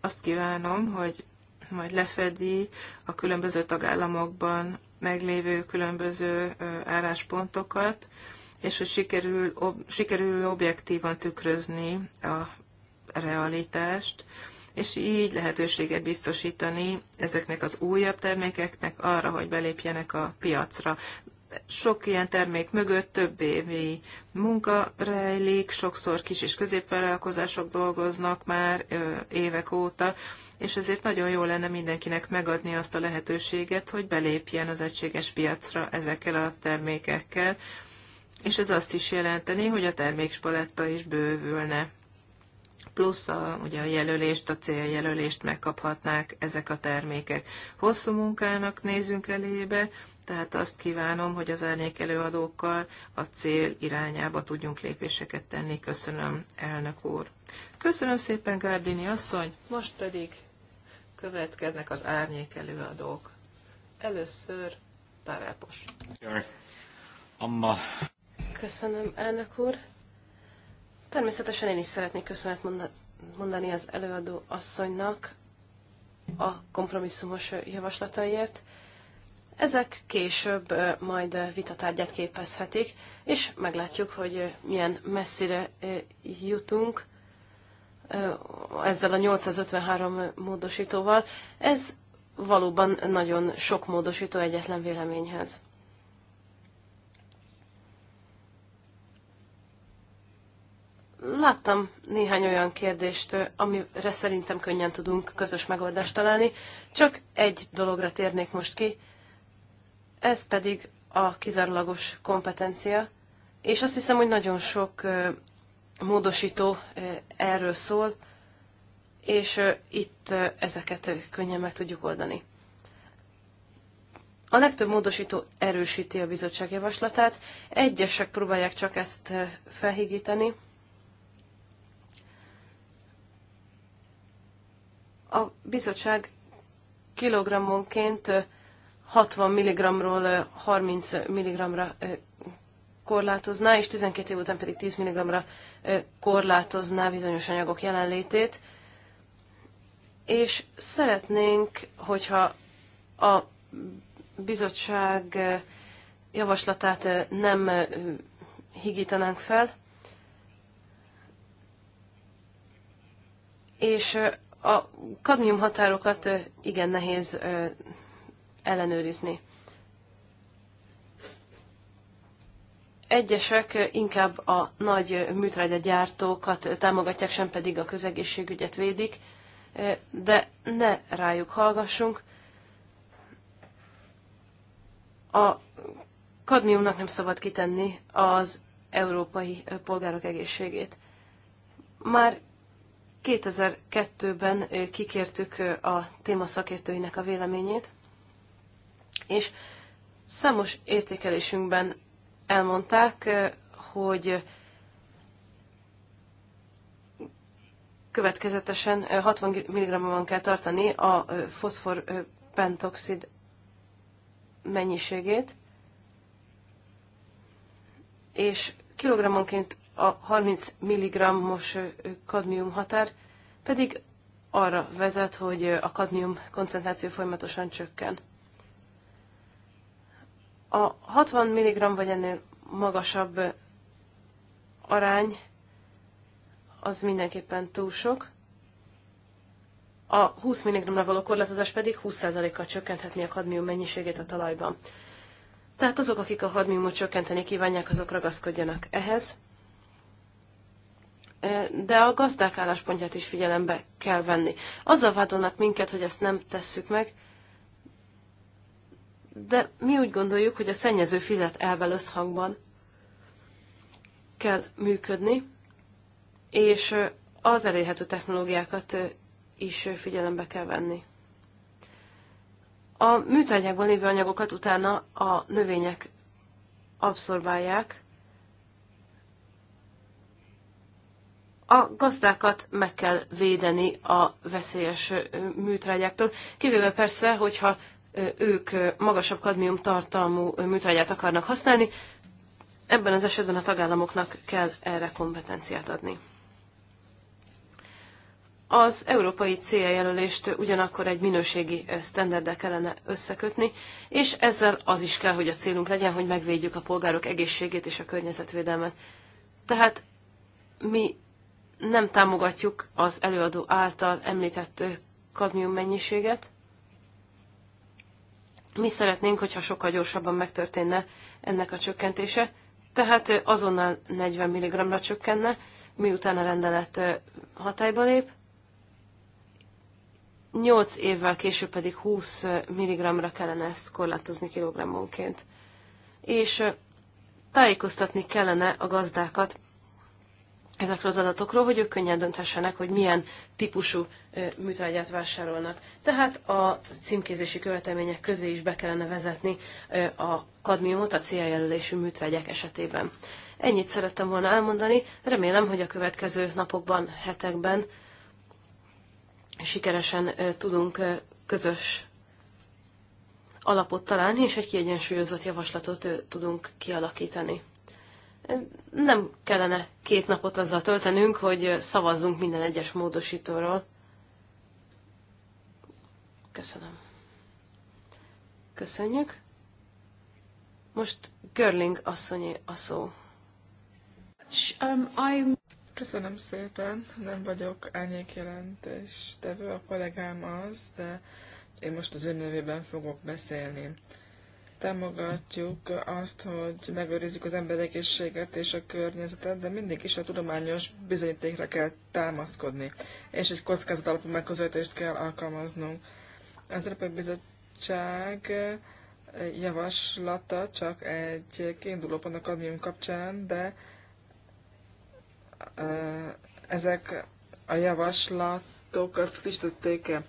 B: azt kívánom, hogy majd lefedi a különböző tagállamokban meglévő különböző álláspontokat, és hogy sikerül, ob, sikerül objektívan tükrözni a realitást, és így lehetőséget biztosítani ezeknek az újabb termékeknek arra, hogy belépjenek a piacra. Sok ilyen termék mögött több évi munka rejlik, sokszor kis és középvállalkozások dolgoznak már évek óta, és ezért nagyon jó lenne mindenkinek megadni azt a lehetőséget, hogy belépjen az egységes piacra ezekkel a termékekkel, és ez azt is jelenteni, hogy a termékspaletta is bővülne plusz a, ugye a jelölést, a céljelölést megkaphatnák ezek a termékek. Hosszú munkának nézünk elébe, tehát azt kívánom, hogy az árnyék előadókkal a cél irányába tudjunk lépéseket tenni. Köszönöm, elnök úr. Köszönöm szépen, Gárdini asszony. Most pedig következnek az árnyék előadók. Először Pavel Pos.
D: Köszönöm, elnök úr. Természetesen én is szeretnék köszönet mondani az előadó asszonynak a kompromisszumos javaslataiért. Ezek később majd vitatárgyát képezhetik, és meglátjuk, hogy milyen messzire jutunk ezzel a 853 módosítóval. Ez valóban nagyon sok módosító egyetlen véleményhez. Láttam néhány olyan kérdést, amire szerintem könnyen tudunk közös megoldást találni. Csak egy dologra térnék most ki, ez pedig a kizárólagos kompetencia, és azt hiszem, hogy nagyon sok módosító erről szól, és itt ezeket könnyen meg tudjuk oldani. A legtöbb módosító erősíti a bizottság javaslatát, egyesek próbálják csak ezt felhígítani. A bizottság kilogrammonként 60 mg-ról 30 mg-ra korlátozná, és 12 év után pedig 10 mg-ra korlátozná bizonyos anyagok jelenlétét. És szeretnénk, hogyha a bizottság javaslatát nem higítanánk fel, és a kadmium határokat igen nehéz ellenőrizni. Egyesek inkább a nagy műtrágyagyártókat támogatják, sem pedig a közegészségügyet védik, de ne rájuk hallgassunk. A kadmiumnak nem szabad kitenni az európai polgárok egészségét. Már 2002-ben kikértük a téma szakértőinek a véleményét, és számos értékelésünkben elmondták, hogy következetesen 60 mg kell tartani a foszfor pentoxid mennyiségét, és kilogrammonként a 30 mg-os kadmium határ pedig arra vezet, hogy a kadmium koncentráció folyamatosan csökken. A 60 mg vagy ennél magasabb arány az mindenképpen túl sok. A 20 mg-ra való korlátozás pedig 20%-kal csökkenthetni a kadmium mennyiségét a talajban. Tehát azok, akik a kadmiumot csökkenteni kívánják, azok ragaszkodjanak ehhez de a gazdák álláspontját is figyelembe kell venni. Azzal vádolnak minket, hogy ezt nem tesszük meg, de mi úgy gondoljuk, hogy a szennyező fizet elvel összhangban kell működni, és az elérhető technológiákat is figyelembe kell venni. A műtrágyákban lévő anyagokat utána a növények abszorbálják, a gazdákat meg kell védeni a veszélyes műtrágyáktól, kivéve persze, hogyha ők magasabb kadmium tartalmú műtrágyát akarnak használni, ebben az esetben a tagállamoknak kell erre kompetenciát adni. Az európai céljelölést ugyanakkor egy minőségi sztenderdel kellene összekötni, és ezzel az is kell, hogy a célunk legyen, hogy megvédjük a polgárok egészségét és a környezetvédelmet. Tehát mi nem támogatjuk az előadó által említett kadmium mennyiséget. Mi szeretnénk, hogyha sokkal gyorsabban megtörténne ennek a csökkentése, tehát azonnal 40 mg-ra csökkenne, miután a rendelet hatályba lép, 8 évvel később pedig 20 mg-ra kellene ezt korlátozni kilogrammonként. És tájékoztatni kellene a gazdákat ezekről az adatokról, hogy ők könnyen dönthessenek, hogy milyen típusú műtrágyát vásárolnak. Tehát a címkézési követelmények közé is be kellene vezetni a kadmiumot a céljelölésű műtrágyák esetében. Ennyit szerettem volna elmondani, remélem, hogy a következő napokban, hetekben sikeresen tudunk közös alapot találni, és egy kiegyensúlyozott javaslatot tudunk kialakítani nem kellene két napot azzal töltenünk, hogy szavazzunk minden egyes módosítóról. Köszönöm. Köszönjük. Most Görling asszonyi a szó.
C: Um, Köszönöm szépen, nem vagyok elnyék jelentés tevő, a kollégám az, de én most az ő nevében fogok beszélni támogatjuk azt, hogy megőrizzük az ember egészséget és a környezetet, de mindig is a tudományos bizonyítékra kell támaszkodni, és egy kockázat alapú megközelítést kell alkalmaznunk. Az Európai Bizottság javaslata csak egy kiindulópont a kadmium kapcsán, de ezek a javaslatokat frissítették -e?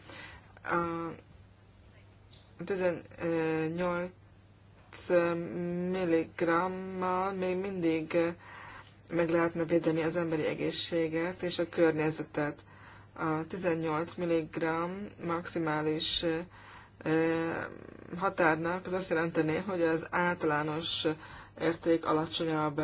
C: A 18 milligrammal még mindig meg lehetne védeni az emberi egészséget és a környezetet. A 18 mg maximális határnak az azt jelenteni, hogy az általános érték alacsonyabb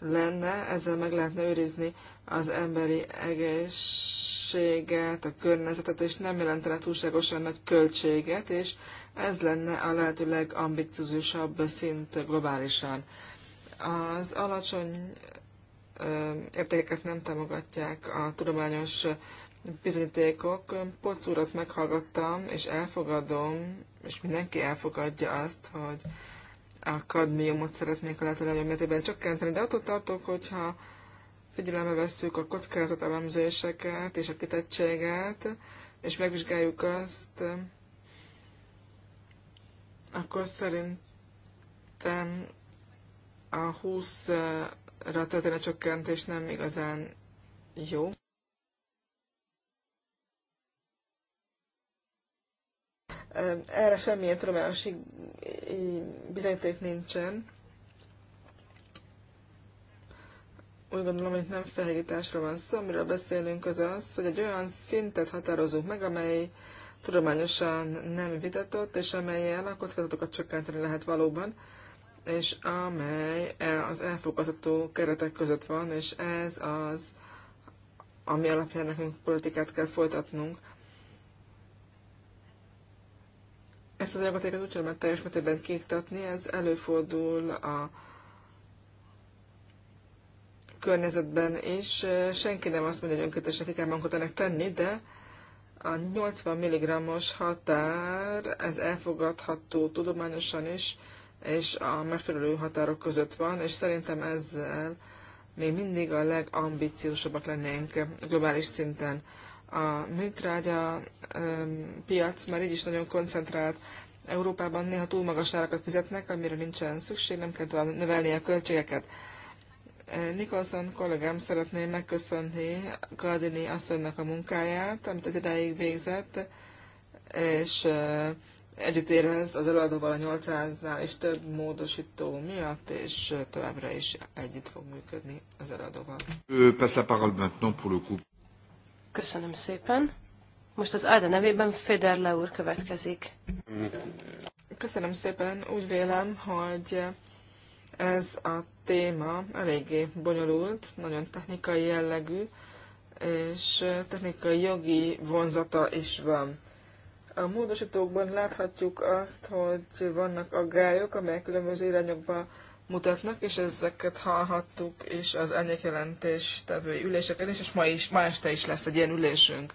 C: lenne, ezzel meg lehetne őrizni az emberi egészséget, a környezetet, és nem jelentene túlságosan nagy költséget, és ez lenne a lehető legambiciózusabb szint globálisan. Az alacsony értékeket nem támogatják a tudományos bizonyítékok. Poc urat meghallgattam, és elfogadom, és mindenki elfogadja azt, hogy a kadmiumot szeretnék a lehető nagyobb mértékben csökkenteni, de attól tartok, hogyha figyelembe vesszük a elemzéseket és a kitettséget, és megvizsgáljuk azt, akkor szerintem a 20-ra történő csökkentés nem igazán jó. Erre semmilyen tudományos bizonyíték nincsen. Úgy gondolom, hogy nem felhigításra van szó, amiről beszélünk az az, hogy egy olyan szintet határozunk meg, amely tudományosan nem vitatott, és amelyel a kockázatokat csökkenteni lehet valóban, és amely e az elfogadható keretek között van, és ez az, ami alapján nekünk politikát kell folytatnunk. Ezt az anyagot úgy sem teljes mértékben kiiktatni, ez előfordul a környezetben, és senki nem azt mondja, hogy önkéntesen ki kell magunkat ennek tenni, de a 80 mg-os határ, ez elfogadható tudományosan is, és a megfelelő határok között van, és szerintem ezzel még mindig a legambiciósabbak lennénk globális szinten. A műtrágya piac már így is nagyon koncentrált. Európában néha túl magas árakat fizetnek, amire nincsen szükség, nem kell tovább növelni a költségeket. Nikolson kollégám szeretném megköszönni Gardini asszonynak a munkáját, amit az idáig végzett, és együtt érez az előadóval a 800-nál és több módosító miatt, és továbbra is együtt fog működni az előadóval.
D: Köszönöm szépen. Most az Áda nevében Federle úr következik.
C: Köszönöm szépen. Úgy vélem, hogy ez a téma eléggé bonyolult, nagyon technikai jellegű, és technikai jogi vonzata is van. A módosítókban láthatjuk azt, hogy vannak aggályok, amelyek különböző irányokba mutatnak, és ezeket hallhattuk, és az elnyékjelentés tevői üléseken is, és ma, is, ma este is lesz egy ilyen ülésünk.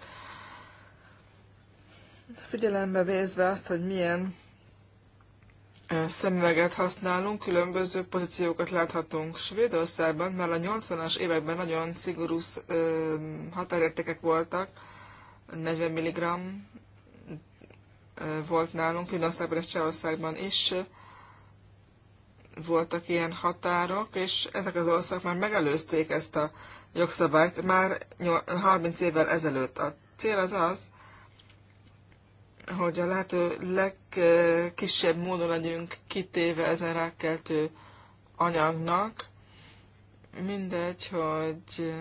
C: Figyelembe vézve azt, hogy milyen szemüveget használunk, különböző pozíciókat láthatunk. Svédországban már a 80-as években nagyon szigorú határértékek voltak, 40 mg volt nálunk, Finnországban és Csehországban is voltak ilyen határok, és ezek az országok már megelőzték ezt a jogszabályt már 30 évvel ezelőtt. A cél az az, hogy a lehető legkisebb módon legyünk kitéve ezen rákkeltő anyagnak. Mindegy, hogy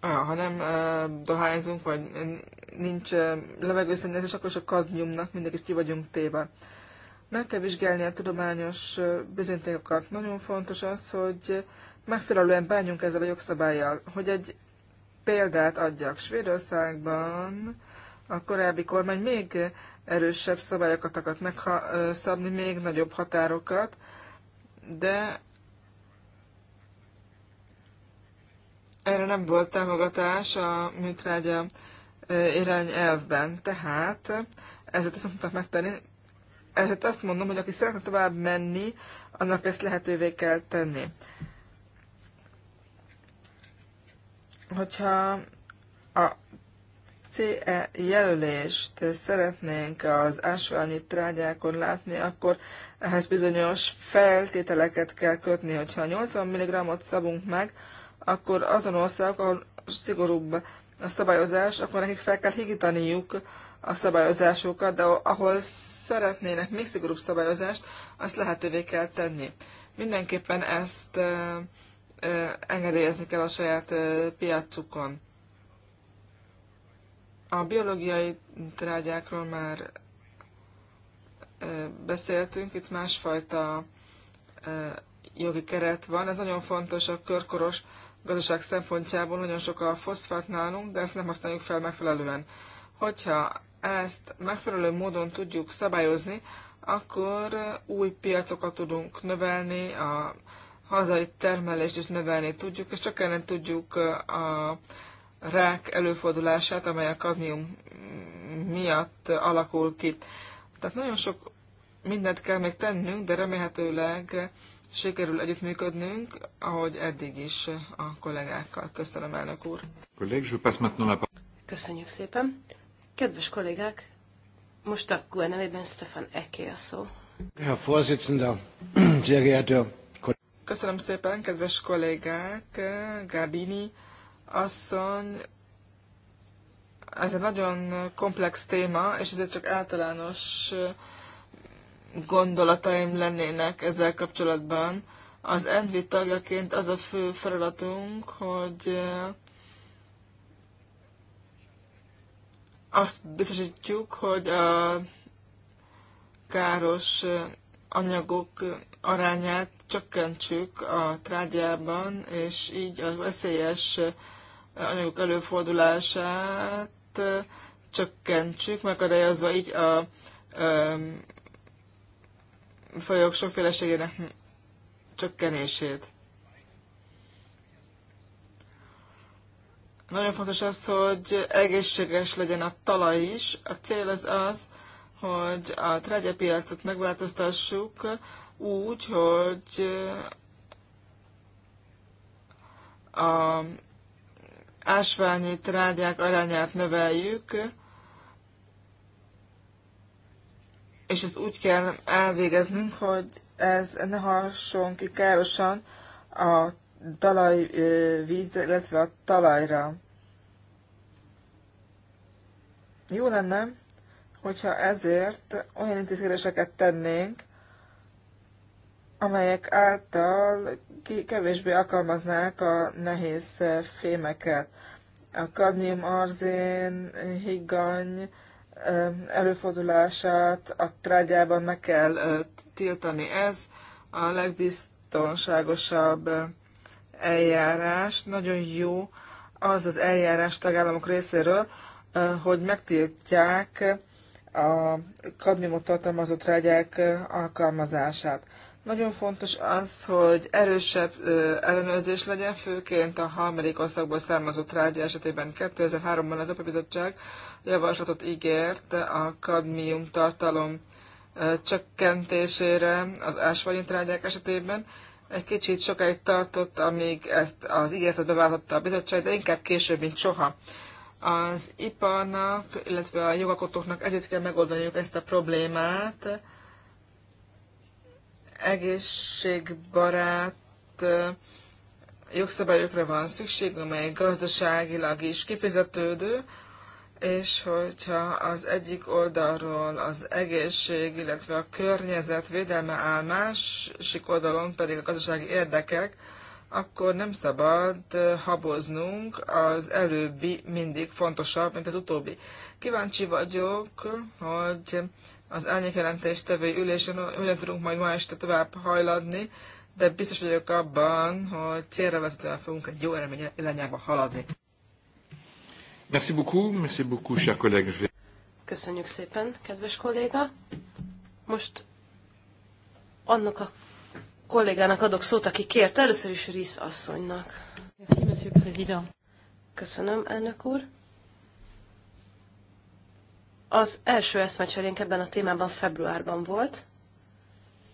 C: ha nem dohányzunk, vagy nincs levegőszennyezés, akkor is a kadmiumnak mindig ki vagyunk téve. Meg kell vizsgálni a tudományos bizonyítékokat. Nagyon fontos az, hogy megfelelően bánjunk ezzel a jogszabályjal. Hogy egy példát adjak, Svédországban a korábbi kormány még erősebb szabályokat akart megszabni, még nagyobb határokat, de erre nem volt támogatás a műtrágya irányelvben. Tehát ezért azt mondtam megtenni. Ezért azt mondom, hogy aki szeretne tovább menni, annak ezt lehetővé kell tenni. Hogyha a CE jelölést szeretnénk az ásványi trágyákon látni, akkor ehhez bizonyos feltételeket kell kötni. Hogyha 80 mg-ot szabunk meg, akkor azon országok, ahol szigorúbb a szabályozás, akkor nekik fel kell higítaniuk a szabályozásokat, de ahol szeretnének még szigorúbb szabályozást, azt lehetővé kell tenni. Mindenképpen ezt eh, engedélyezni kell a saját piacukon. A biológiai trágyákról már beszéltünk, itt másfajta jogi keret van. Ez nagyon fontos a körkoros gazdaság szempontjából, nagyon sok a foszfát nálunk, de ezt nem használjuk fel megfelelően. Hogyha ezt megfelelő módon tudjuk szabályozni, akkor új piacokat tudunk növelni, a hazai termelést is növelni tudjuk, és csak ellen tudjuk a rák előfordulását, amely a kadmium miatt alakul ki. Tehát nagyon sok mindent kell még tennünk, de remélhetőleg sikerül együttműködnünk, ahogy eddig is a kollégákkal. Köszönöm, elnök úr. Köszönjük szépen. Kedves kollégák, most a QNV-ben e Stefan Eké a szó.
B: Herr Vorsitzender, sehr geehrter
C: Köszönöm szépen, kedves kollégák, Gardini asszony. Ez egy nagyon komplex téma, és ezért csak általános gondolataim lennének ezzel kapcsolatban. Az ENVI tagjaként az a fő feladatunk, hogy azt biztosítjuk, hogy a káros anyagok arányát csökkentsük a trágyában, és így a veszélyes anyagok előfordulását csökkentsük, megadályozva így a folyók fajok sokféleségének csökkenését. Nagyon fontos az, hogy egészséges legyen a talaj is. A cél az az, hogy a trágyapiacot megváltoztassuk úgy, hogy eh, a ásványi trágyák arányát növeljük, és ezt úgy kell elvégeznünk, hogy ez ne hasson ki károsan a eh, vízre, illetve a talajra. Jó lenne, hogyha ezért olyan intézkedéseket tennénk, amelyek által kevésbé alkalmaznák a nehéz fémeket. A kadmium arzén, higgany előfordulását a trágyában meg kell tiltani. Ez a legbiztonságosabb eljárás. Nagyon jó az az eljárás tagállamok részéről, hogy megtiltják a kadmiumot tartalmazó trágyák alkalmazását. Nagyon fontos az, hogy erősebb ellenőrzés legyen, főként a harmadik országból származó trágya esetében. 2003-ban az Európai Bizottság javaslatot ígért a kadmium tartalom csökkentésére az ásványi trágyák esetében. Egy kicsit sokáig tartott, amíg ezt az ígéretet beváltotta a bizottság, de inkább később, mint soha. Az iparnak, illetve a jogakotóknak együtt kell megoldaniuk ezt a problémát. Egészségbarát jogszabályokra van szükség, amely gazdaságilag is kifizetődő, és hogyha az egyik oldalról az egészség, illetve a környezet védelme áll, másik oldalon pedig a gazdasági érdekek, akkor nem szabad haboznunk, az előbbi mindig fontosabb, mint az utóbbi. Kíváncsi vagyok, hogy az elnyékjelentés tevői ülésen hogyan tudunk majd ma este tovább hajladni, de biztos vagyok abban, hogy célra vezetően fogunk egy jó eredmény irányába haladni.
A: Merci beaucoup, merci beaucoup, cher collègue.
D: Köszönjük szépen, kedves kolléga. Most annak a kollégának adok szót, aki kért. Először is Risz asszonynak. Köszönöm, elnök úr. Az első eszmecserénk ebben a témában februárban volt,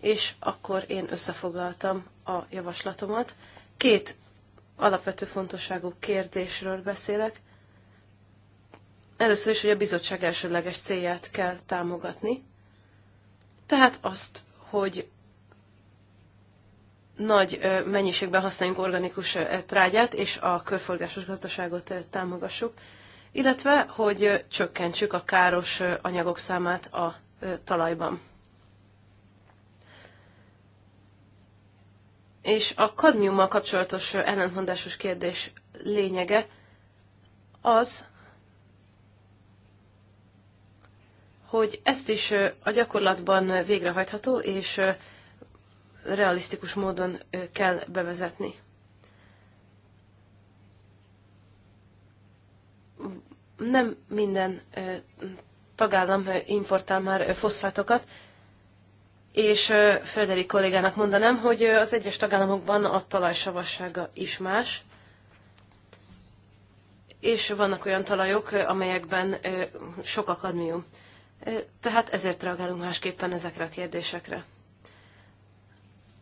D: és akkor én összefoglaltam a javaslatomat. Két alapvető fontosságú kérdésről beszélek. Először is, hogy a bizottság elsődleges célját kell támogatni, tehát azt, hogy nagy mennyiségben használjunk organikus trágyát, és a körforgásos gazdaságot támogassuk, illetve hogy csökkentsük a káros anyagok számát a talajban. És a kadmiummal kapcsolatos ellentmondásos kérdés lényege az, hogy ezt is a gyakorlatban végrehajtható, és realisztikus módon kell bevezetni. Nem minden tagállam importál már foszfátokat, és Frederik kollégának mondanám, hogy az egyes tagállamokban a talajsavassága is más, és vannak olyan talajok, amelyekben sok akadmium. Tehát ezért reagálunk másképpen ezekre a kérdésekre.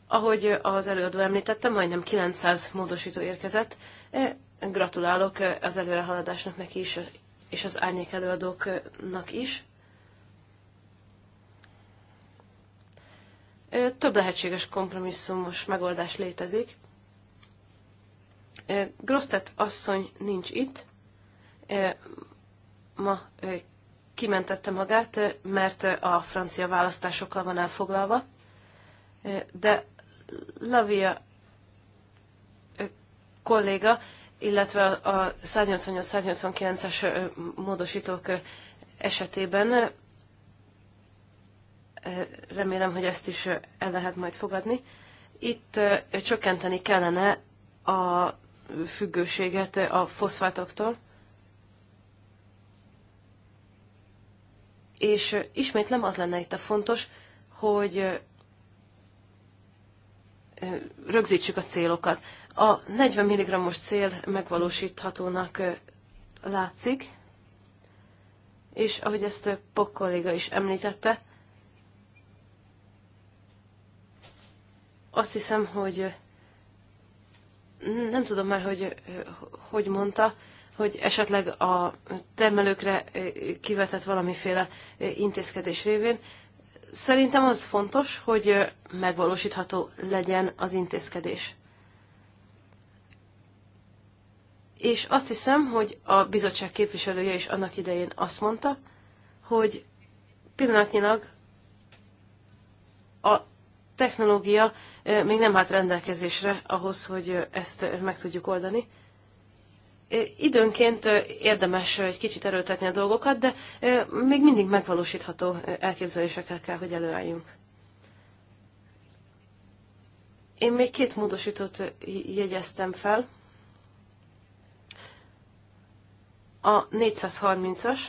D: Ahogy az előadó említette, majdnem 900 módosító érkezett. E, gratulálok az előrehaladásnak neki is, és az árnyék előadóknak is. E, több lehetséges kompromisszumos megoldás létezik. E, Grosztet asszony nincs itt. Ma kimentette magát, mert a francia választásokkal van elfoglalva, de Lavia kolléga, illetve a 188-189-es módosítók esetében remélem, hogy ezt is el lehet majd fogadni. Itt csökkenteni kellene a függőséget a foszfátoktól. És ismétlem az lenne itt a fontos, hogy rögzítsük a célokat. A 40 mg-os cél megvalósíthatónak látszik, és ahogy ezt Pok kolléga is említette, azt hiszem, hogy nem tudom már, hogy hogy mondta, hogy esetleg a termelőkre kivetett valamiféle intézkedés révén Szerintem az fontos, hogy megvalósítható legyen az intézkedés. És azt hiszem, hogy a bizottság képviselője is annak idején azt mondta, hogy pillanatnyilag a technológia még nem állt rendelkezésre ahhoz, hogy ezt meg tudjuk oldani időnként érdemes egy kicsit erőltetni a dolgokat, de még mindig megvalósítható elképzelésekkel kell, hogy előálljunk. Én még két módosítót jegyeztem fel. A 430-as,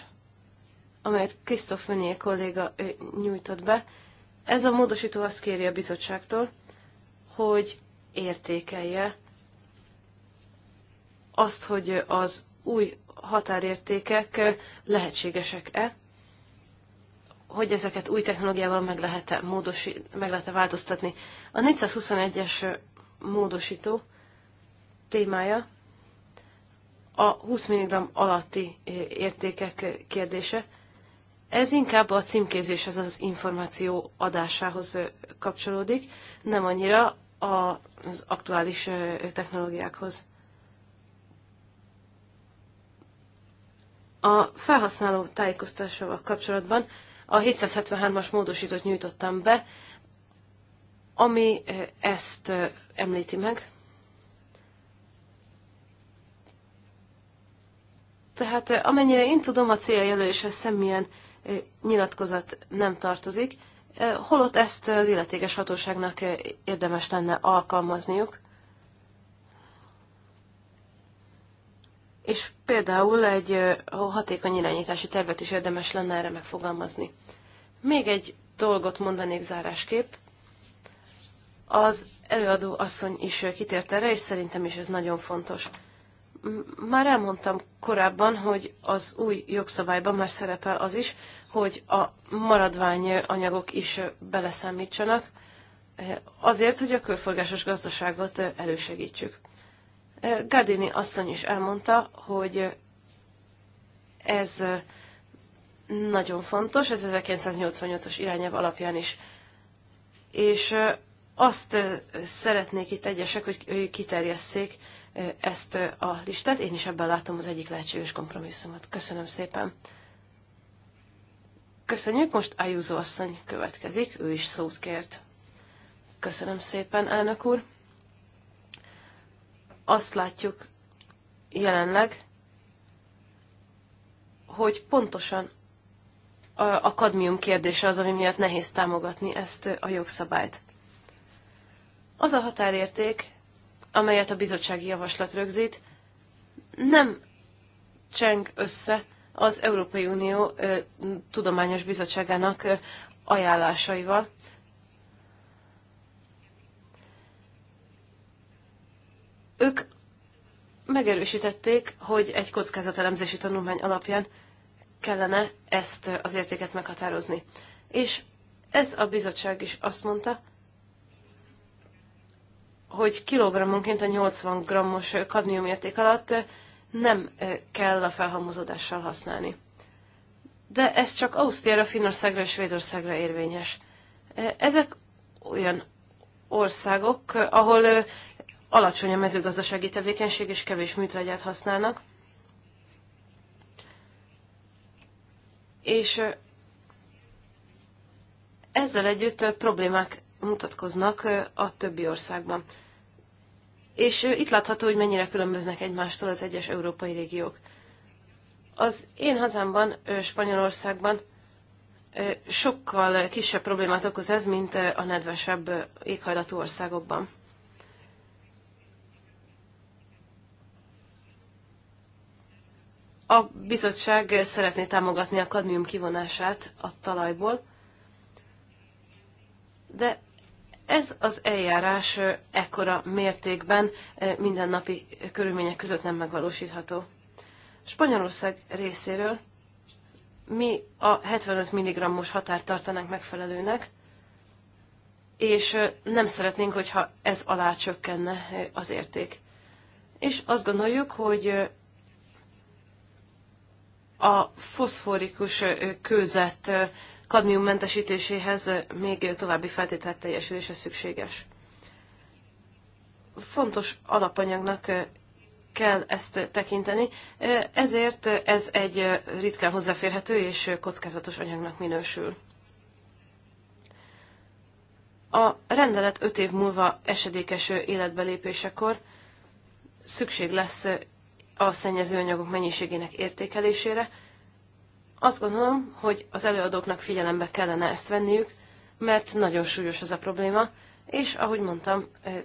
D: amelyet Krisztof Menyé kolléga nyújtott be. Ez a módosító azt kéri a bizottságtól, hogy értékelje azt, hogy az új határértékek lehetségesek-e, hogy ezeket új technológiával meg lehet-e, módosi, meg lehet-e változtatni. A 421-es módosító témája a 20 mg alatti értékek kérdése. Ez inkább a az az információ adásához kapcsolódik, nem annyira az aktuális technológiákhoz. A felhasználó tájékoztatásával kapcsolatban a 773-as módosítót nyújtottam be, ami eh, ezt eh, említi meg. Tehát eh, amennyire én tudom, a céljelöléshez semmilyen nyilatkozat nem tartozik, holott ezt az illetékes hatóságnak érdemes lenne alkalmazniuk. és például egy hatékony irányítási tervet is érdemes lenne erre megfogalmazni. Még egy dolgot mondanék zárásképp. Az előadó asszony is kitért erre, és szerintem is ez nagyon fontos. Már elmondtam korábban, hogy az új jogszabályban már szerepel az is, hogy a maradvány anyagok is beleszámítsanak, azért, hogy a körforgásos gazdaságot elősegítsük. Gardini asszony is elmondta, hogy ez nagyon fontos, ez 1988-as irányelv alapján is. És azt szeretnék itt egyesek, hogy kiterjesszék ezt a listát. Én is ebben látom az egyik lehetséges kompromisszumot. Köszönöm szépen. Köszönjük, most Ayuso asszony következik, ő is szót kért. Köszönöm szépen, elnök úr azt látjuk jelenleg, hogy pontosan a kadmium kérdése az, ami miatt nehéz támogatni ezt a jogszabályt. Az a határérték, amelyet a bizottsági javaslat rögzít, nem cseng össze az Európai Unió Tudományos Bizottságának ajánlásaival, Ők megerősítették, hogy egy kockázatelemzési tanulmány alapján kellene ezt az értéket meghatározni. És ez a bizottság is azt mondta, hogy kilogrammonként a 80 grammos kadmium érték alatt nem kell a felhalmozódással használni. De ez csak Ausztriára, Finnországra és Svédországra érvényes. Ezek olyan országok, ahol alacsony a mezőgazdasági tevékenység, és kevés műtrágyát használnak. És ezzel együtt problémák mutatkoznak a többi országban. És itt látható, hogy mennyire különböznek egymástól az egyes európai régiók. Az én hazámban, Spanyolországban sokkal kisebb problémát okoz ez, mint a nedvesebb éghajlatú országokban. A bizottság szeretné támogatni a kadmium kivonását a talajból, de ez az eljárás ekkora mértékben eh, mindennapi körülmények között nem megvalósítható. Spanyolország részéről mi a 75 mg-os határt tartanánk megfelelőnek, és eh, nem szeretnénk, hogyha ez alá csökkenne eh, az érték. És azt gondoljuk, hogy a foszforikus kőzet kadmium mentesítéséhez még további feltételt teljesülése szükséges. Fontos alapanyagnak kell ezt tekinteni, ezért ez egy ritkán hozzáférhető és kockázatos anyagnak minősül. A rendelet 5 év múlva esedékes életbelépésekor szükség lesz a szennyezőanyagok mennyiségének értékelésére. Azt gondolom, hogy az előadóknak figyelembe kellene ezt venniük, mert nagyon súlyos ez a probléma, és ahogy mondtam, eh,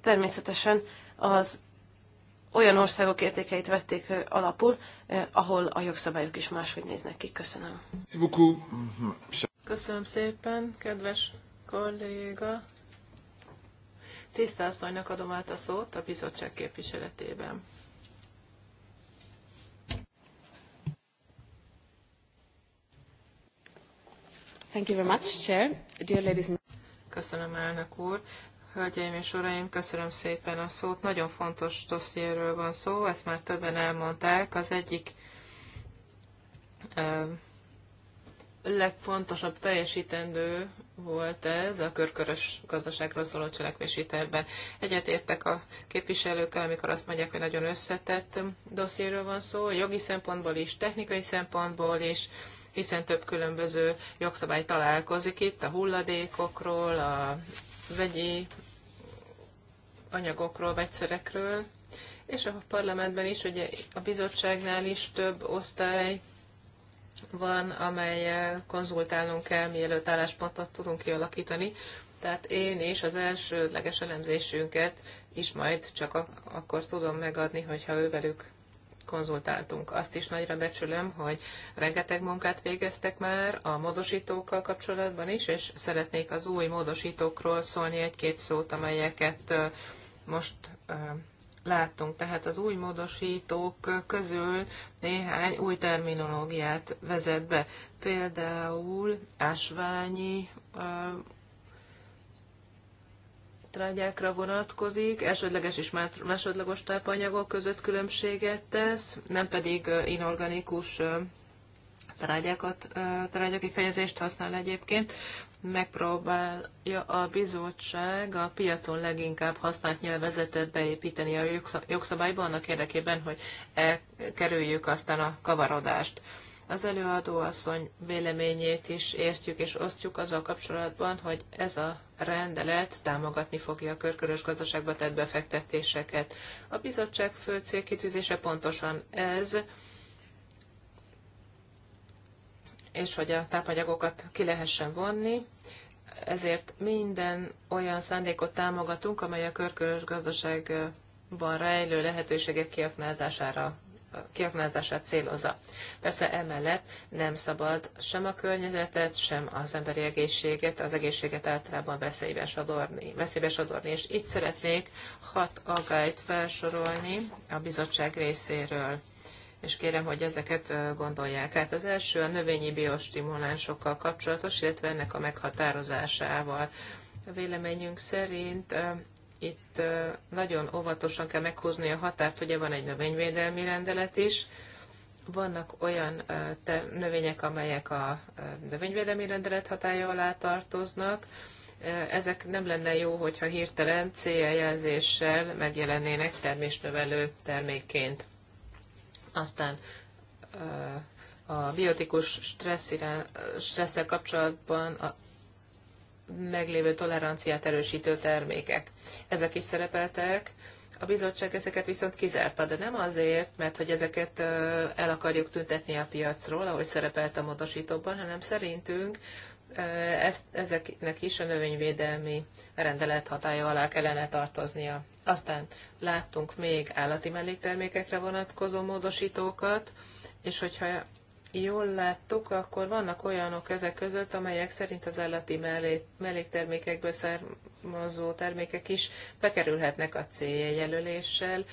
D: természetesen az olyan országok értékeit vették eh, alapul, eh, ahol a jogszabályok is máshogy néznek ki. Köszönöm.
B: Köszönöm szépen, kedves kolléga. Tiszta asszonynak adom át a szót a bizottság képviseletében. Thank you very much, Chair. Dear ladies and... Köszönöm, elnök úr. Hölgyeim és uraim, köszönöm szépen a szót. Nagyon fontos dossziéről van szó, ezt már többen elmondták. Az egyik ö, legfontosabb teljesítendő volt ez a körkörös gazdaságról szóló cselekvési tervben. Egyetértek a képviselőkkel, amikor azt mondják, hogy nagyon összetett dossziéről van szó, jogi szempontból is, technikai szempontból is, hiszen több különböző jogszabály találkozik itt, a hulladékokról, a vegyi anyagokról, vegyszerekről, és a parlamentben is, ugye a bizottságnál is több osztály van, amelyel konzultálnunk kell, mielőtt álláspontot tudunk kialakítani. Tehát én és az elsődleges elemzésünket is majd csak akkor tudom megadni, hogyha ővelük konzultáltunk. Azt is nagyra becsülöm, hogy rengeteg munkát végeztek már a módosítókkal kapcsolatban is, és szeretnék az új módosítókról szólni egy-két szót, amelyeket most láttunk. Tehát az új módosítók közül néhány új terminológiát vezet be. Például ásványi trágyákra vonatkozik, elsődleges és másodlagos tápanyagok között különbséget tesz, nem pedig inorganikus trágyákat, trágya kifejezést használ egyébként megpróbálja a bizottság a piacon leginkább használt nyelvezetet beépíteni a jogszabályba annak érdekében, hogy elkerüljük aztán a kavarodást. Az előadó asszony véleményét is értjük és osztjuk azzal kapcsolatban, hogy ez a rendelet támogatni fogja a körkörös gazdaságba tett befektetéseket. A bizottság fő célkitűzése pontosan ez, és hogy a tápanyagokat ki lehessen vonni. Ezért minden olyan szándékot támogatunk, amely a körkörös gazdaságban rejlő lehetőségek kiaknázására kiaknázását célozza. Persze emellett nem szabad sem a környezetet, sem az emberi egészséget, az egészséget általában veszélybe sodorni. Veszélybe sodorni. És itt szeretnék hat agályt felsorolni a bizottság részéről és kérem, hogy ezeket gondolják át. Az első a növényi biostimulánsokkal kapcsolatos, illetve ennek a meghatározásával. A véleményünk szerint itt nagyon óvatosan kell meghúzni a határt, ugye van egy növényvédelmi rendelet is, vannak olyan növények, amelyek a növényvédelmi rendelet hatája alá tartoznak, ezek nem lenne jó, hogyha hirtelen céljelzéssel megjelennének termésnövelő termékként. Aztán a biotikus stressz stresszel kapcsolatban a meglévő toleranciát erősítő termékek. Ezek is szerepeltek. A bizottság ezeket viszont kizárta, de nem azért, mert hogy ezeket el akarjuk tüntetni a piacról, ahogy szerepelt a módosítóban, hanem szerintünk ezt, ezeknek is a növényvédelmi rendelet hatája alá kellene tartoznia. Aztán láttunk még állati melléktermékekre vonatkozó módosítókat, és hogyha jól láttuk, akkor vannak olyanok ezek között, amelyek szerint az állati mellé, melléktermékekből származó termékek is bekerülhetnek a célja jelöléssel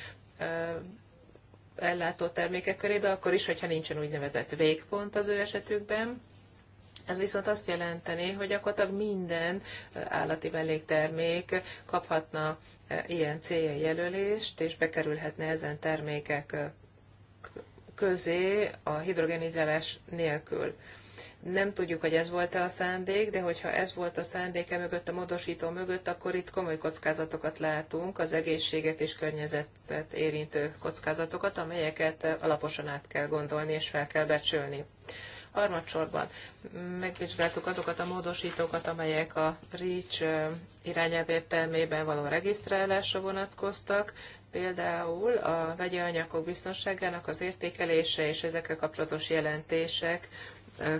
B: ellátó termékek körébe, akkor is, hogyha nincsen úgynevezett végpont az ő esetükben ez viszont azt jelenteni, hogy gyakorlatilag minden állati melléktermék kaphatna ilyen célja jelölést, és bekerülhetne ezen termékek közé a hidrogenizálás nélkül. Nem tudjuk, hogy ez volt-e a szándék, de hogyha ez volt a szándéke mögött, a módosító mögött, akkor itt komoly kockázatokat látunk, az egészséget és környezetet érintő kockázatokat, amelyeket alaposan át kell gondolni és fel kell becsülni. Harmadsorban megvizsgáltuk azokat a módosítókat, amelyek a REACH irányelvértelmében való regisztrálásra vonatkoztak, például a vegyi anyagok biztonságának az értékelése és ezekkel kapcsolatos jelentések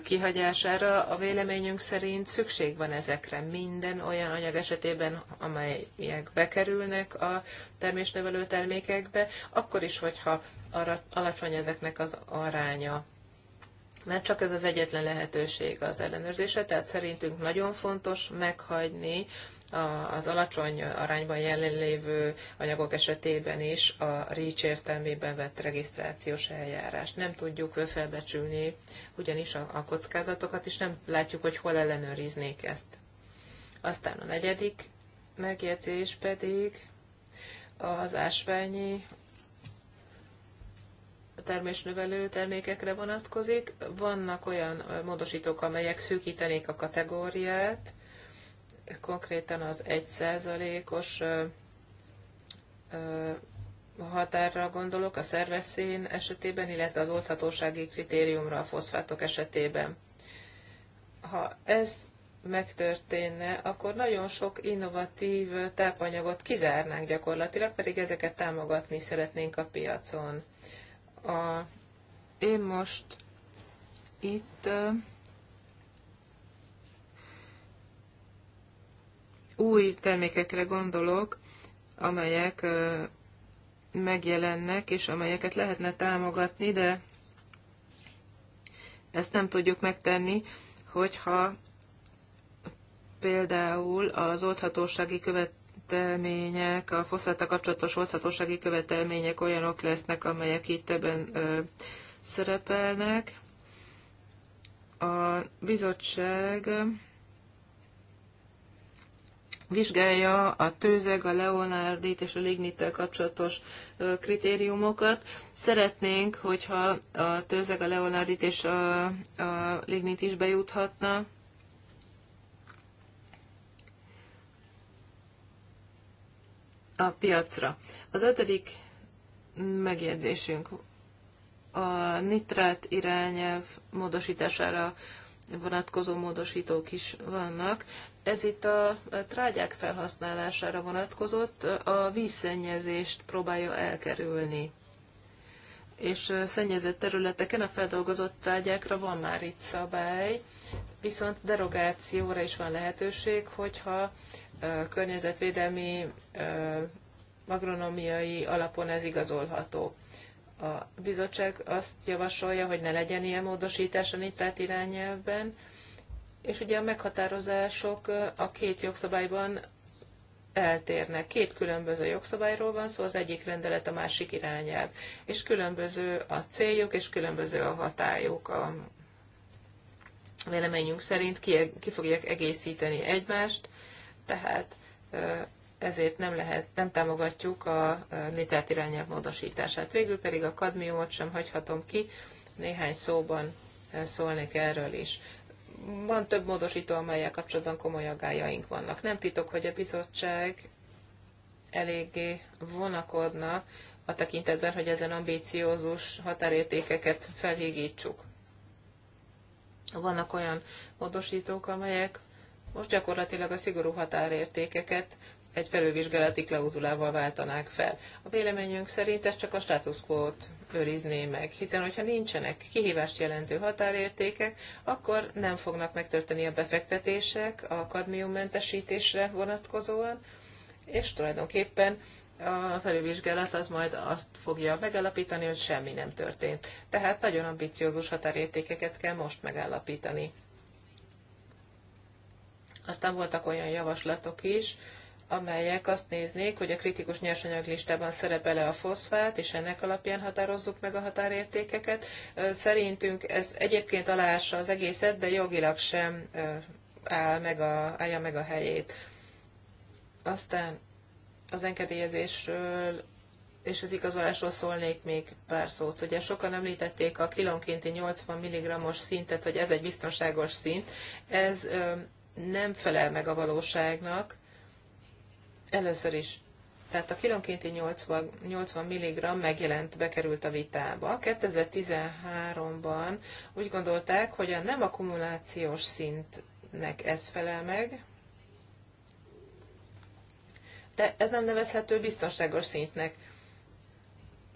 B: kihagyására a véleményünk szerint szükség van ezekre minden olyan anyag esetében, amelyek bekerülnek a termésnövelő termékekbe, akkor is, hogyha arra, alacsony ezeknek az aránya mert csak ez az egyetlen lehetőség az ellenőrzésre, tehát szerintünk nagyon fontos meghagyni az alacsony arányban jelenlévő anyagok esetében is a REACH értelmében vett regisztrációs eljárást. Nem tudjuk felbecsülni ugyanis a, a kockázatokat, és nem látjuk, hogy hol ellenőriznék ezt. Aztán a negyedik megjegyzés pedig az ásványi termésnövelő termékekre vonatkozik. Vannak olyan módosítók, amelyek szűkítenék a kategóriát, konkrétan az 1%-os határra gondolok a szerves esetében, illetve az oldhatósági kritériumra a foszfátok esetében. Ha ez megtörténne, akkor nagyon sok innovatív tápanyagot kizárnánk gyakorlatilag, pedig ezeket támogatni szeretnénk a piacon. A, én most itt új termékekre gondolok, amelyek megjelennek, és amelyeket lehetne támogatni, de ezt nem tudjuk megtenni, hogyha például az oldhatósági követ követelmények, a foszáltal kapcsolatos oldhatósági követelmények olyanok lesznek, amelyek itt ebben ö, szerepelnek. A bizottság vizsgálja a tőzeg, a leonárdit és a lignittel kapcsolatos kritériumokat. Szeretnénk, hogyha a tőzeg, a leonárdit és a, a lignit is bejuthatna a piacra. Az ötödik megjegyzésünk a nitrát irányelv módosítására vonatkozó módosítók is vannak. Ez itt a trágyák felhasználására vonatkozott, a vízszennyezést próbálja elkerülni. És szennyezett területeken a feldolgozott trágyákra van már itt szabály, viszont derogációra is van lehetőség, hogyha környezetvédelmi agronomiai alapon ez igazolható. A bizottság azt javasolja, hogy ne legyen ilyen módosítás a nitrát irányelvben, és ugye a meghatározások a két jogszabályban eltérnek. Két különböző jogszabályról van szó, szóval az egyik rendelet, a másik irányelv. És különböző a céljuk, és különböző a hatályuk. a véleményünk szerint ki, ki fogják egészíteni egymást, tehát ezért nem, lehet, nem támogatjuk a nitát irányelv módosítását. Végül pedig a kadmiumot sem hagyhatom ki, néhány szóban szólnék erről is. Van több módosító, amelyek kapcsolatban komoly aggájaink vannak. Nem titok, hogy a bizottság eléggé vonakodna a tekintetben, hogy ezen ambíciózus határértékeket felhígítsuk. Vannak olyan módosítók, amelyek most gyakorlatilag a szigorú határértékeket egy felülvizsgálati klauzulával váltanák fel. A véleményünk szerint ez csak a státuszkót őrizné meg, hiszen hogyha nincsenek kihívást jelentő határértékek, akkor nem fognak megtörténni a befektetések a kadmiummentesítésre vonatkozóan, és tulajdonképpen a felülvizsgálat az majd azt fogja megállapítani, hogy semmi nem történt. Tehát nagyon ambiciózus határértékeket kell most megállapítani. Aztán voltak olyan javaslatok is, amelyek azt néznék, hogy a kritikus nyersanyag listában szerepele a foszfát, és ennek alapján határozzuk meg a határértékeket. Szerintünk ez egyébként aláássa az egészet, de jogilag sem áll meg a, állja meg a helyét. Aztán az engedélyezésről és az igazolásról szólnék még pár szót. Ugye sokan említették a kilonkénti 80 mg-os szintet, hogy ez egy biztonságos szint. Ez nem felel meg a valóságnak. Először is tehát a kilonkénti 80, 80 mg megjelent, bekerült a vitába. 2013-ban úgy gondolták, hogy a nem akkumulációs szintnek ez felel meg, de ez nem nevezhető biztonságos szintnek.